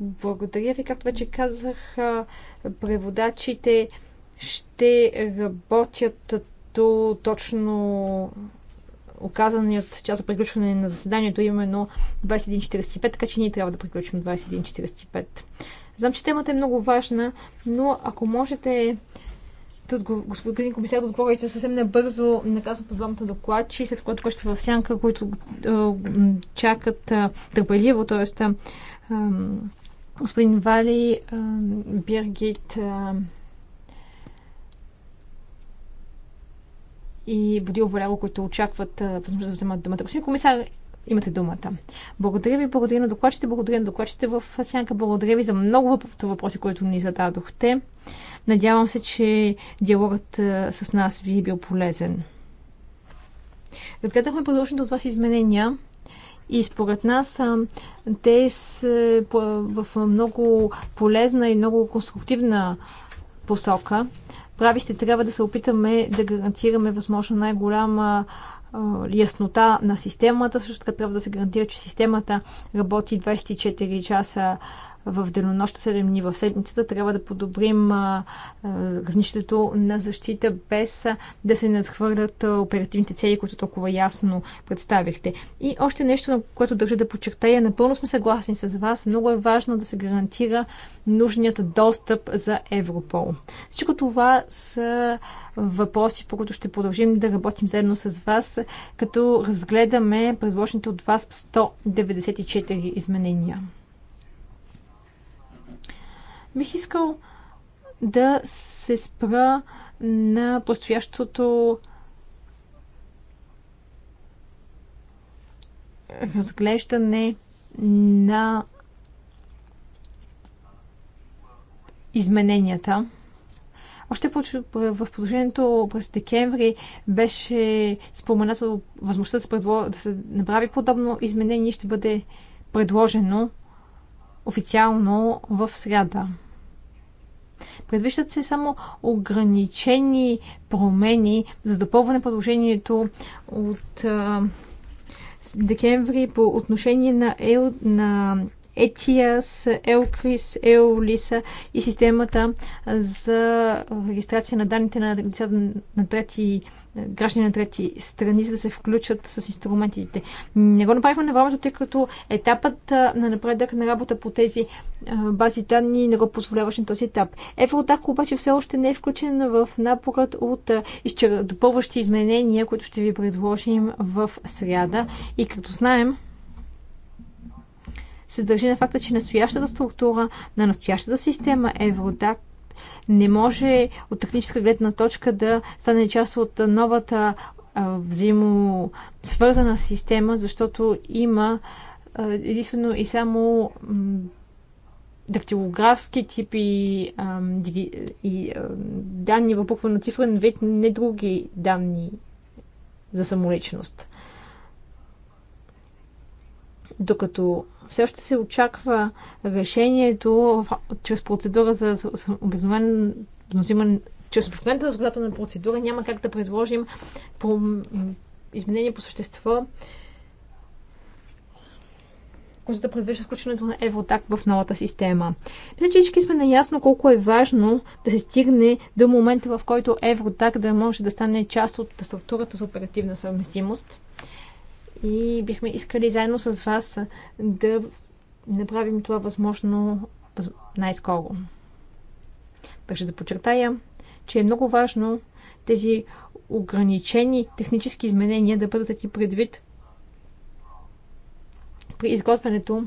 C: Благодаря ви. Както вече казах, преводачите ще работят до точно оказаният час за приключване на заседанието, именно 21.45, така че ние трябва да приключим 21.45. Знам, че темата е много важна, но ако можете господин комисар, да отговорите съвсем набързо на казва по двамата докладчи, след което ще в сянка, които чакат търпеливо, т.е. господин Вали, Биргит, и Бодил Валяло, които очакват възможност да вземат думата. Господин комисар, имате думата. Благодаря ви, благодаря на докладчите, благодаря на докладчите в Сянка, благодаря ви за много въпроси, които ни зададохте. Надявам се, че диалогът с нас ви е бил полезен. Разгледахме предложените от вас изменения и според нас те са в много полезна и много конструктивна посока прави ще трябва да се опитаме да гарантираме възможно най-голяма яснота на системата. Също така трябва да се гарантира, че системата работи 24 часа в денонощта 7 дни в седмицата, трябва да подобрим равнището на защита без да се надхвърлят оперативните цели, които толкова ясно представихте. И още нещо, на което държа да подчертая, напълно сме съгласни с вас, много е важно да се гарантира нужният достъп за Европол. Всичко това са въпроси, по които ще продължим да работим заедно с вас, като разгледаме предложените от вас 194 изменения. Бих искал да се спра на предстоящото разглеждане на измененията. Още в продължението през декември беше споменато възможността да се, да се направи подобно изменение и ще бъде предложено официално в среда. Предвиждат се само ограничени промени за допълване предложението от декември по отношение на, ел, на ETIAS, ELCRIS, EOLISA и системата за регистрация на данните на лицата на трети граждани на трети страни, за да се включат с инструментите. Не го направихме на времето, тъй като етапът на напредък на работа по тези бази данни не го позволяваше на този етап. Евродак обаче все още не е включен в наборът от изчер... допълващи изменения, които ще ви предложим в сряда. И като знаем, се държи на факта, че настоящата структура на настоящата система Евродак не може от техническа гледна точка да стане част от новата взаимосвързана система, защото има единствено и само дактилографски типи и, и данни в буквено цифрен вид, не други данни за самоличност докато все още се очаква решението чрез процедура за обикновен взимане чрез обикновената законодателна процедура няма как да предложим по изменение по същество, които да предвижда включването на Евротак в новата система. Мисля, че всички сме наясно колко е важно да се стигне до момента, в който Евротак да може да стане част от структурата за оперативна съвместимост и бихме искали заедно с вас да направим това възможно най-скоро. Държа да подчертая, че е много важно тези ограничени технически изменения да бъдат и предвид при изготвянето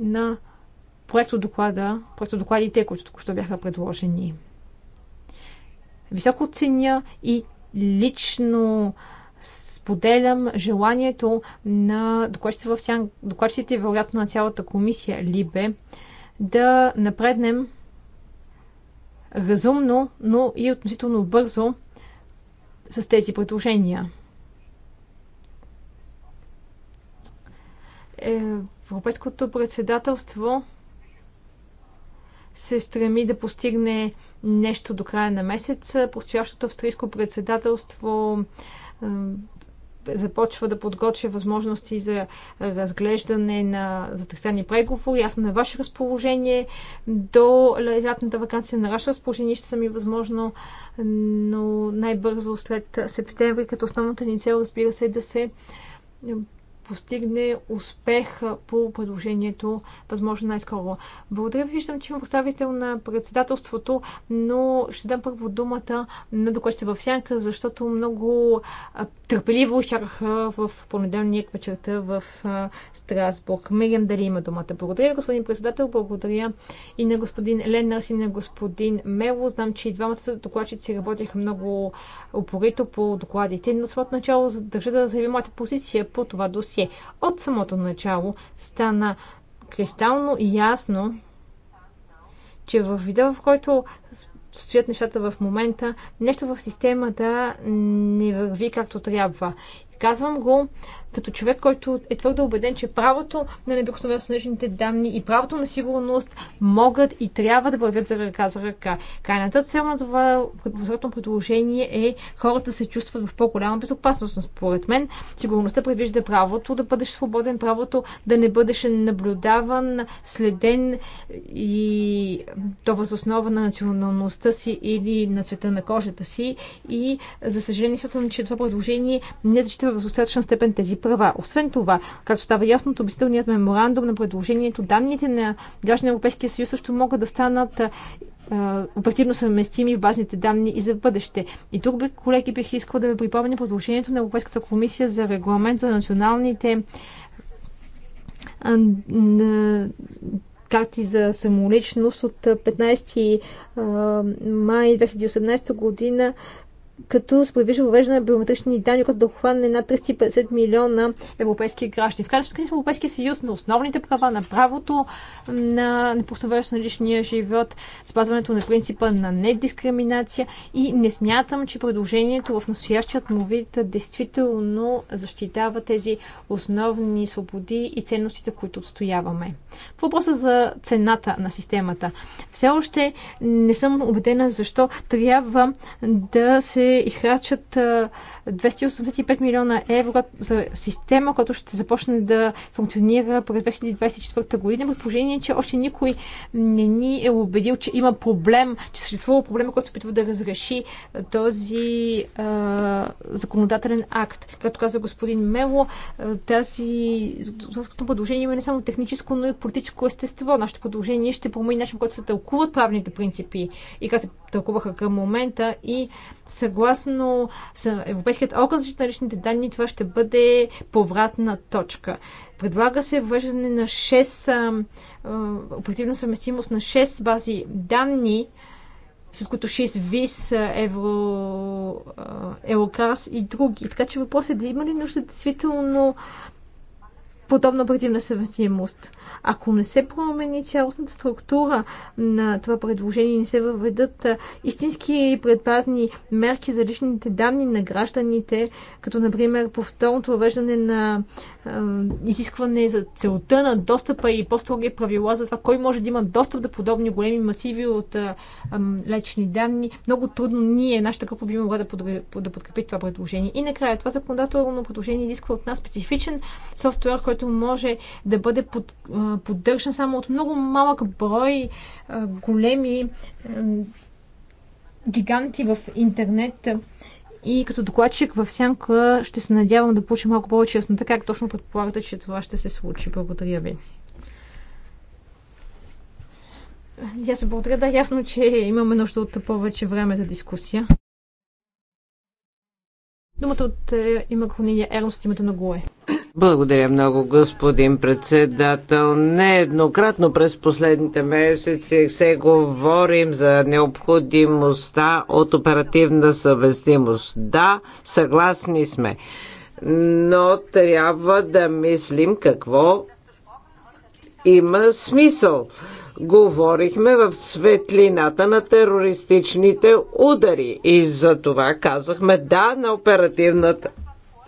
C: на проектодоклада, проектодокладите, които току-що бяха предложени. Високо ценя и лично споделям желанието на докладчиците, вероятно на цялата комисия Либе, да напреднем разумно, но и относително бързо с тези предложения. Европейското председателство се стреми да постигне нещо до края на месец. Постоящото австрийско председателство започва да подготвя възможности за разглеждане на затъстани преговори. Аз съм на ваше разположение до лятната вакансия на ваше разположение ще са ми възможно, но най-бързо след септември, като основната ни цел, разбира се, е да се постигне успех по предложението, възможно най-скоро. Благодаря ви, виждам, че има представител на председателството, но ще дам първо думата на докладчица в сянка, защото много търпеливо чакаха в понеделник вечерта в Страсбург. Мирям дали има думата. Благодаря ви, господин председател, благодаря и на господин Ленърс и на господин Мело. Знам, че и двамата докладчици работеха много упорито по докладите, но в начало държа да заявя моята позиция по това досие досие. От самото начало стана кристално ясно, че в вида, в който стоят нещата в момента, нещо в системата не върви както трябва. Казвам го като човек, който е твърдо убеден, че правото на неприкосновеност на данни и правото на сигурност могат и трябва да вървят за ръка за ръка. Крайната цел на това предпоследно предложение е хората да се чувстват в по-голяма безопасност. Но според мен сигурността предвижда правото да бъдеш свободен, правото да не бъдеш наблюдаван, следен и то възоснова на националността си или на цвета на кожата си. И за съжаление смятам, че това предложение не защита в достатъчна степен тези права. Освен това, както става ясно от обяснителният меморандум на предложението, данните на граждани на Европейския съюз също могат да станат оперативно съвместими в базните данни и за бъдеще. И тук, бе, колеги, бих искал да ви припомня предложението на Европейската комисия за регламент за националните карти за самоличност от 15 май 2018 година като се предвижда въвеждане на биометрични данни, което да обхване над 350 милиона европейски граждани. В крайна сметка ние сме Европейския съюз на основните права, на правото на непосредствено на личния живот, спазването на принципа на недискриминация и не смятам, че предложението в настоящият му вид действително защитава тези основни свободи и ценностите, които отстояваме. въпроса за цената на системата. Все още не съм убедена защо трябва да се се изхарчат 285 милиона евро за система, която ще започне да функционира през 2024 година, при положение, че още никой не ни е убедил, че има проблем, че съществува проблема, който се опитва да разреши този а, законодателен акт. Както каза господин Мело, тази предложение има не само техническо, но и политическо естество. Нашето предложение ще промени начин, който се тълкуват правните принципи и как се тълкуваха към момента и се съгласно Европейският орган за на личните данни, това ще бъде повратна точка. Предлага се въвеждане на 6 оперативна съвместимост на 6 бази данни, с които 6 ВИС, Евро, Еврокарс и други. Така че въпросът е да има ли нужда действително подобна оперативна съвместимост. Ако не се промени цялостната структура на това предложение и не се въведат истински предпазни мерки за личните данни на гражданите, като например повторното въвеждане на изискване за целта на достъпа и по-строги правила за това кой може да има достъп до подобни големи масиви от лечни данни. Много трудно ние, нашата група би могла да, да подкрепи това предложение. И накрая, това законодателно предложение изисква от нас специфичен софтуер, който може да бъде под, поддържан само от много малък брой големи гиганти в интернет и като докладчик в сянка ще се надявам да получа малко повече яснота как точно предполагате, че това ще се случи. Благодаря ви. Я се благодаря. Да, явно, че имаме нужда от повече време за дискусия. Думата от е, има Хуния Ернст от името на Гуе.
B: Благодаря много, господин председател. Нееднократно през последните месеци се говорим за необходимостта от оперативна съвестимост. Да, съгласни сме. Но трябва да мислим какво има смисъл говорихме в светлината на терористичните удари и за това казахме да на оперативната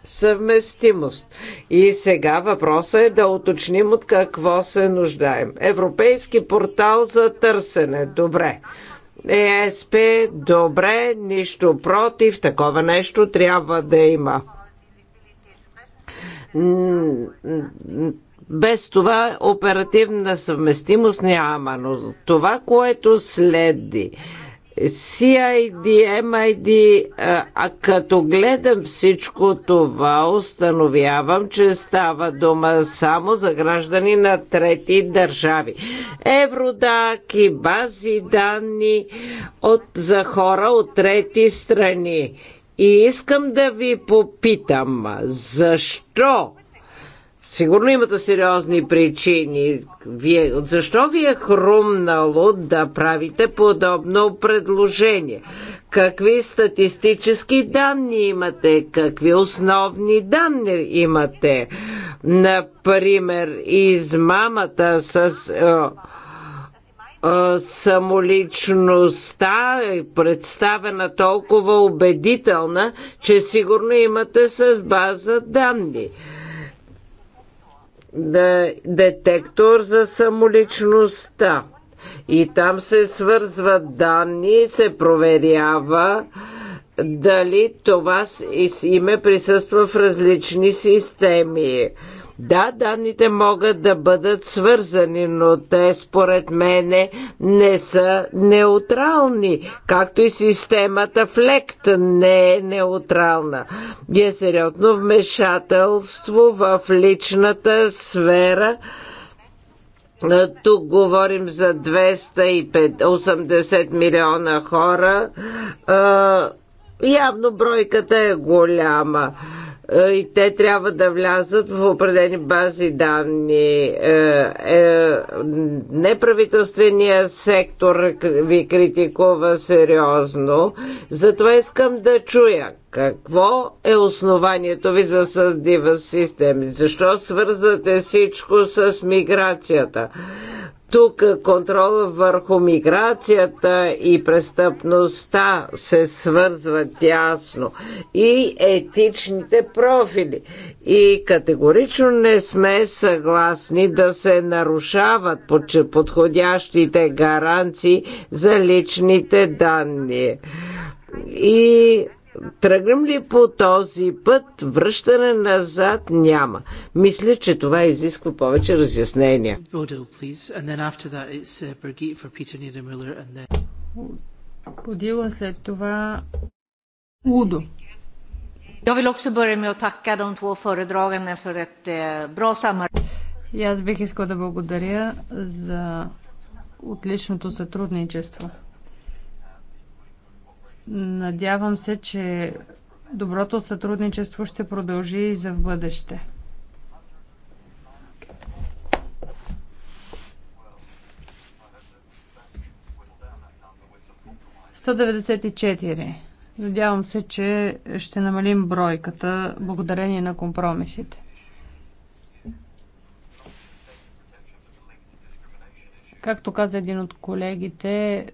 B: съвместимост. И сега въпросът е да уточним от какво се нуждаем. Европейски портал за търсене. Добре. Е, ЕСП, добре, нищо против, такова нещо трябва да има без това оперативна съвместимост няма, но това, което следи. CID, MID, а като гледам всичко това, установявам, че става дума само за граждани на трети държави. Евродак и бази данни от, за хора от трети страни. И искам да ви попитам, защо Сигурно имате сериозни причини. Вие, защо ви е хрумнало да правите подобно предложение? Какви статистически данни имате? Какви основни данни имате? Например, измамата с е, е, самоличността е представена толкова убедителна, че сигурно имате с база данни детектор за самоличността. И там се свързват данни, се проверява дали това име присъства в различни системи. Да, данните могат да бъдат свързани, но те според мене не са неутрални, както и системата ЛЕКТ не е неутрална. Е сериозно вмешателство в личната сфера. Тук говорим за 280 милиона хора. Явно бройката е голяма. Е, и те трябва да влязат в определени бази данни. Е, е, Неправителственият сектор ви критикува сериозно, затова искам да чуя какво е основанието ви за създива системи? Защо свързвате всичко с миграцията? Тук контрола върху миграцията и престъпността се свързват тясно и етичните профили. И категорично не сме съгласни да се нарушават подходящите гаранции за личните данни. И Тръгнем ли по този път, връщане назад няма. Мисля, че това изисква повече разяснения.
A: Uh,
D: Подила след това Удо.
A: Я вил också börja med att tacka de två
B: föredragande ет бро самар.
D: И аз бих искал да благодаря за отличното сътрудничество. Надявам се, че доброто сътрудничество ще продължи и за в бъдеще. 194. Надявам се, че ще намалим бройката благодарение на компромисите. Както каза един от колегите,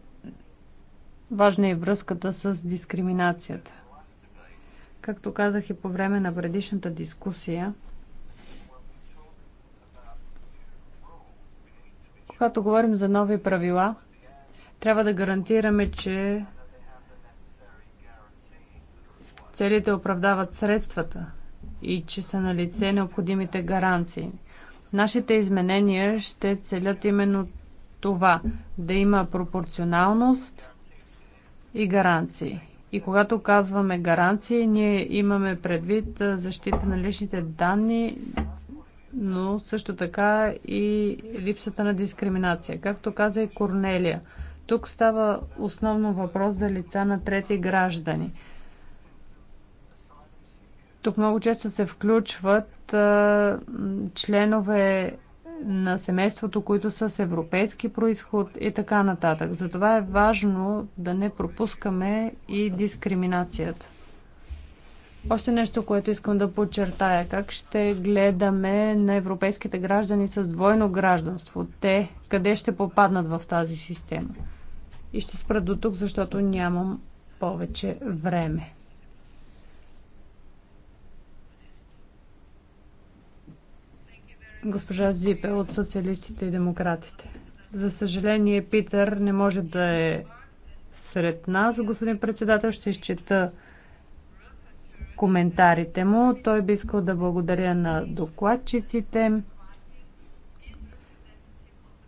D: Важна е връзката с дискриминацията. Както казах и по време на предишната дискусия, когато говорим за нови правила, трябва да гарантираме, че целите оправдават средствата и че са на лице необходимите гаранции. Нашите изменения ще целят именно това да има пропорционалност и гаранции. И когато казваме гаранции, ние имаме предвид защита на личните данни, но също така и липсата на дискриминация. Както каза и Корнелия, тук става основно въпрос за лица на трети граждани. Тук много често се включват а, членове на семейството, които са с европейски происход и така нататък. Затова е важно да не пропускаме и дискриминацията. Още нещо, което искам да подчертая. Как ще гледаме на европейските граждани с двойно гражданство? Те къде ще попаднат в тази система? И ще спра до тук, защото нямам повече време. госпожа Зипе от Социалистите и Демократите. За съжаление, Питър не може да е сред нас. Господин председател, ще изчета коментарите му. Той би искал да благодаря на докладчиците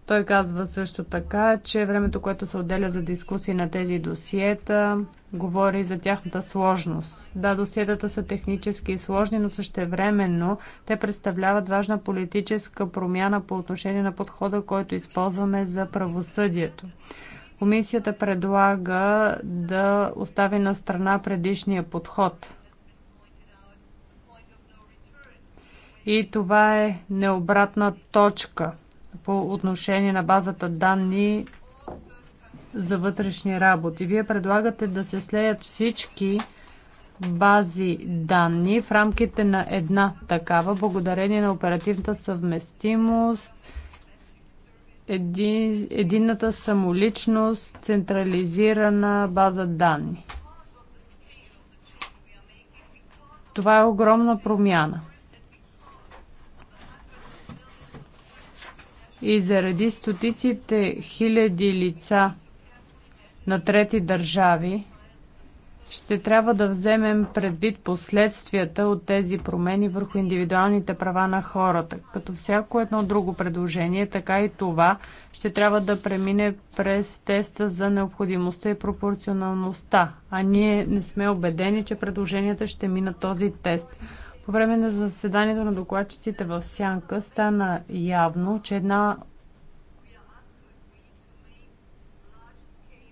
D: той казва също така, че времето, което се отделя за дискусии на тези досиета, говори за тяхната сложност. Да, досиетата са технически сложни, но същевременно те представляват важна политическа промяна по отношение на подхода, който използваме за правосъдието. Комисията предлага да остави на страна предишния подход. И това е необратна точка – по отношение на базата данни за вътрешни работи. Вие предлагате да се слеят всички бази данни в рамките на една такава, благодарение на оперативната съвместимост, един, единната самоличност, централизирана база данни. Това е огромна промяна. и заради стотиците хиляди лица на трети държави, ще трябва да вземем предвид последствията от тези промени върху индивидуалните права на хората. Като всяко едно друго предложение, така и това ще трябва да премине през теста за необходимостта и пропорционалността. А ние не сме убедени, че предложенията ще минат този тест. По време на заседанието на докладчиците в Сянка стана явно, че една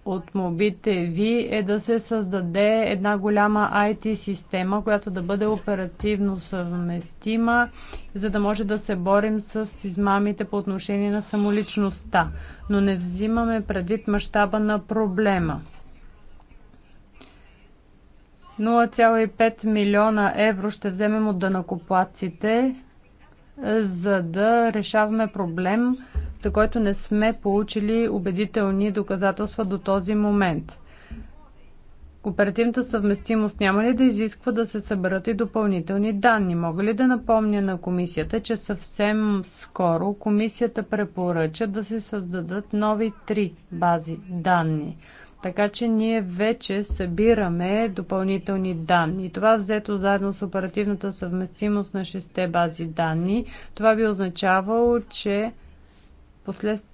D: от мобите ви е да се създаде една голяма IT система, която да бъде оперативно съвместима, за да може да се борим с измамите по отношение на самоличността. Но не взимаме предвид мащаба на проблема. 0,5 милиона евро ще вземем от данакоплаците, е, за да решаваме проблем, за който не сме получили убедителни доказателства до този момент. Оперативната съвместимост няма ли да изисква да се съберат и допълнителни данни? Мога ли да напомня на комисията, че съвсем скоро комисията препоръча да се създадат нови три бази данни – така че ние вече събираме допълнителни данни. Това взето заедно с оперативната съвместимост на 6 бази данни, това би означавало, че послед...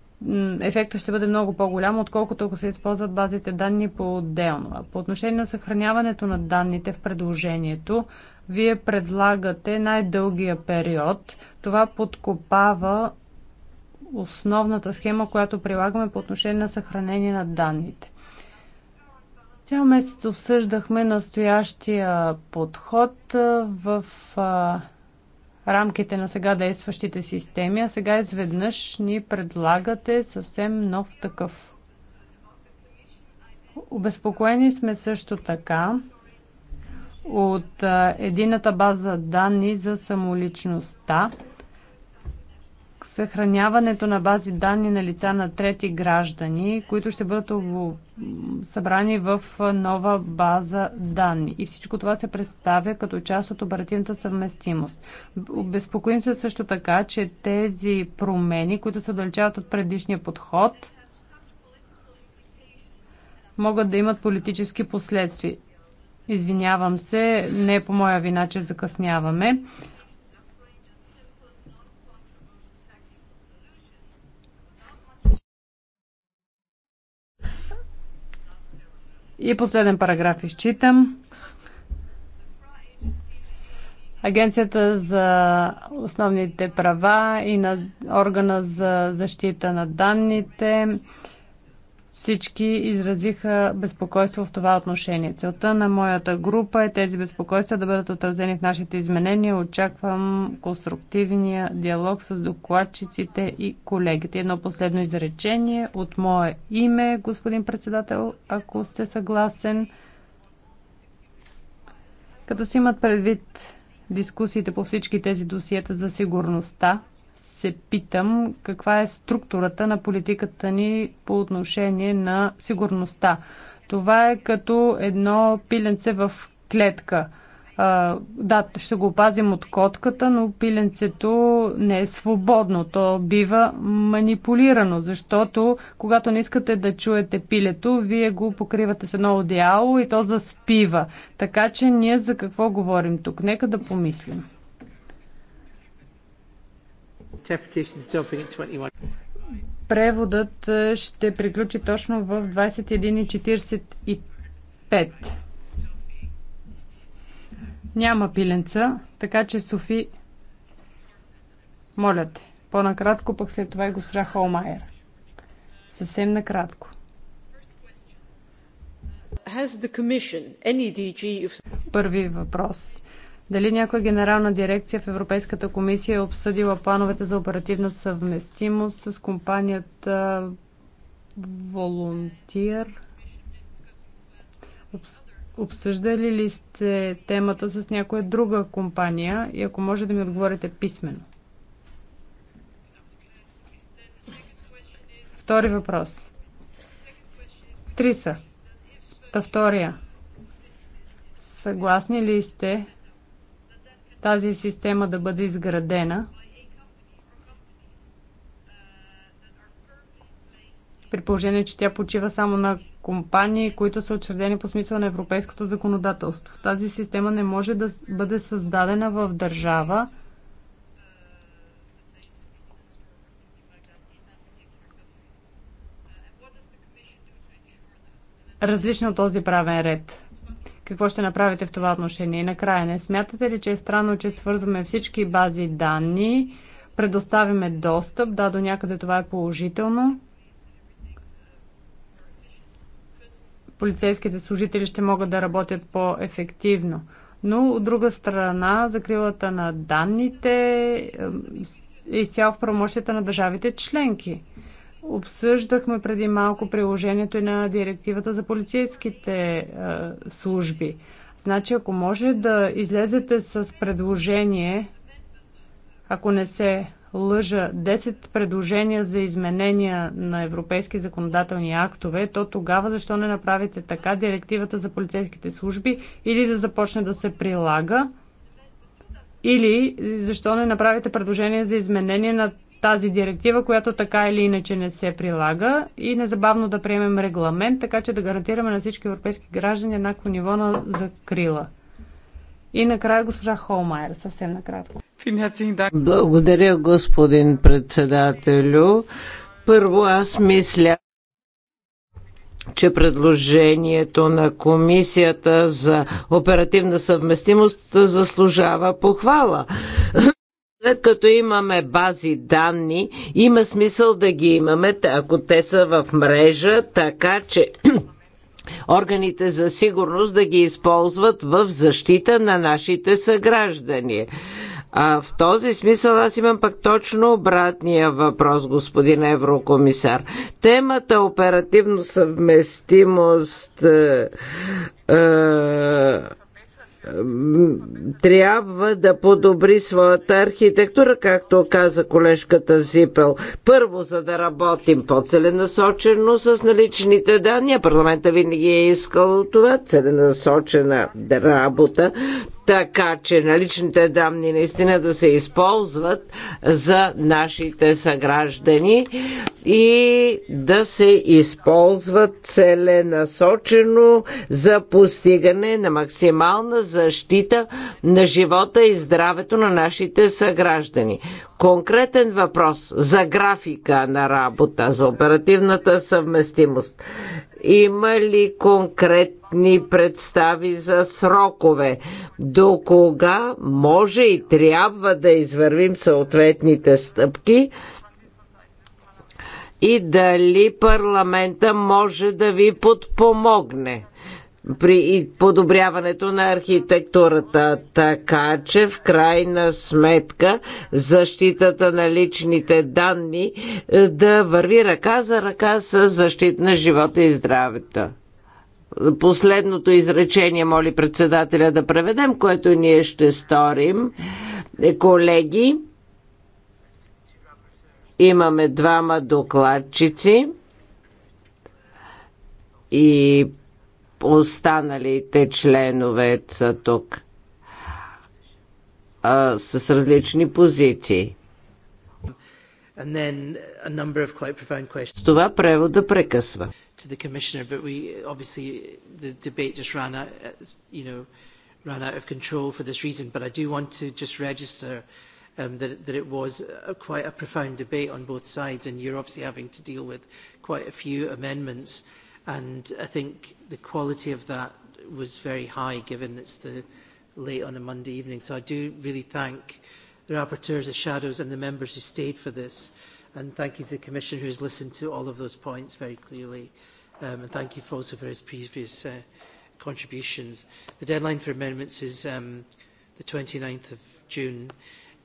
D: ефекта ще бъде много по-голям, отколкото ако се използват базите данни по-отделно. По отношение на съхраняването на данните в предложението, вие предлагате най-дългия период. Това подкопава основната схема, която прилагаме по отношение на съхранение на данните. Цял месец обсъждахме настоящия подход в а, рамките на сега действащите системи, а сега изведнъж ни предлагате съвсем нов такъв. Обезпокоени сме също така от едината база данни за самоличността съхраняването на бази данни на лица на трети граждани, които ще бъдат събрани в нова база данни. И всичко това се представя като част от оперативната съвместимост. Обезпокоим се също така, че тези промени, които се отдалечават от предишния подход, могат да имат политически последствия. Извинявам се, не е по моя вина, че закъсняваме. И последен параграф изчитам. Агенцията за основните права и на органа за защита на данните всички изразиха безпокойство в това отношение. Целта на моята група е тези безпокойства да бъдат отразени в нашите изменения. Очаквам конструктивния диалог с докладчиците и колегите. Едно последно изречение от мое име, господин председател, ако сте съгласен. Като си имат предвид дискусиите по всички тези досиета за сигурността, се питам каква е структурата на политиката ни по отношение на сигурността. Това е като едно пиленце в клетка. да, ще го опазим от котката, но пиленцето не е свободно. То бива манипулирано, защото когато не искате да чуете пилето, вие го покривате с едно одеяло и то заспива. Така че ние за какво говорим тук? Нека да помислим. Преводът е, ще приключи точно в 21.45. Няма пиленца, така че Софи, моля те. По-накратко, пък след това и госпожа Холмайер. Съвсем накратко. Първи въпрос. Дали някоя генерална дирекция в Европейската комисия е обсъдила плановете за оперативна съвместимост с компанията Волонтир? Обсъждали ли сте темата с някоя друга компания и ако може да ми отговорите писменно? Втори въпрос. Три са. Та втория. Съгласни ли сте тази система да бъде изградена при положение, че тя почива само на компании, които са учредени по смисъл на европейското законодателство. Тази система не може да бъде създадена в държава, различна от този правен ред какво ще направите в това отношение? И накрая, не смятате ли, че е странно, че свързваме всички бази данни, предоставяме достъп, да, до някъде това е положително, полицейските служители ще могат да работят по-ефективно. Но от друга страна, закрилата на данните е изцяло в промощията на държавите членки. Обсъждахме преди малко приложението и на директивата за полицейските е, служби. Значи, ако може да излезете с предложение, ако не се лъжа 10 предложения за изменения на европейски законодателни актове, то тогава защо не направите така директивата за полицейските служби или да започне да се прилага, или защо не направите предложение за изменение на тази директива, която така или иначе не се прилага и незабавно да приемем регламент, така че да гарантираме на всички европейски граждани еднакво ниво на закрила. И накрая госпожа Холмайер, съвсем накратко.
B: Благодаря, господин председателю. Първо аз мисля, че предложението на комисията за оперативна съвместимост заслужава похвала. След като имаме бази данни, има смисъл да ги имаме, ако те са в мрежа, така че органите за сигурност да ги използват в защита на нашите съграждани. А в този смисъл аз имам пък точно обратния въпрос, господин еврокомисар. Темата оперативно съвместимост е, е, трябва да подобри своята архитектура, както каза колежката Зипел. Първо, за да работим по-целенасочено с наличните данни, а парламента винаги е искал това, целенасочена работа, така че наличните данни наистина да се използват за нашите съграждани и да се използват целенасочено за постигане на максимална защита на живота и здравето на нашите съграждани. Конкретен въпрос за графика на работа, за оперативната съвместимост. Има ли конкретни представи за срокове? До кога може и трябва да извървим съответните стъпки? И дали парламента може да ви подпомогне? при подобряването на архитектурата. Така че в крайна сметка защитата на личните данни е, да върви ръка за ръка с защита на живота и здравето. Последното изречение моли председателя да преведем, което ние ще сторим. Е, колеги, имаме двама докладчици и Останалите членове са тук а, с различни позиции. С това превода прекъсва.
A: ran out of control for this reason, but I do want to just register um, that, that it was a, quite a profound debate on both sides, and you're obviously having to deal with quite a few amendments And I think the quality of that was very high, given it's the late on a Monday evening. So I do really thank the rapporteurs, the shadows, and the members who stayed for this. And thank you to the Commissioner who has listened to all of those points very clearly. Um, and thank you also for his previous uh, contributions. The deadline for amendments is um, the 29th of June.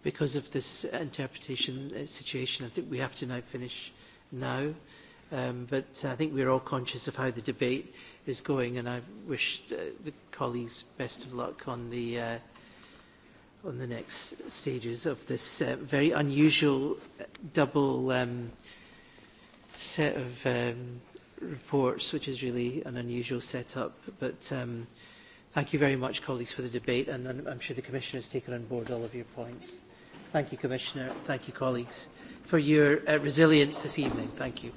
A: Because of this interpretation uh, situation, I think we have to now finish now. Um, but I think we're all conscious of how the debate is going, and I wish uh, the colleagues best of luck on the uh, on the next stages of this uh, very unusual double um, set of um, reports, which is really an unusual setup. But um, thank you very much, colleagues, for the debate, and I'm, I'm sure the Commissioner has taken on board all of your points. Thank you, Commissioner. Thank you, colleagues, for your uh, resilience this evening. Thank you.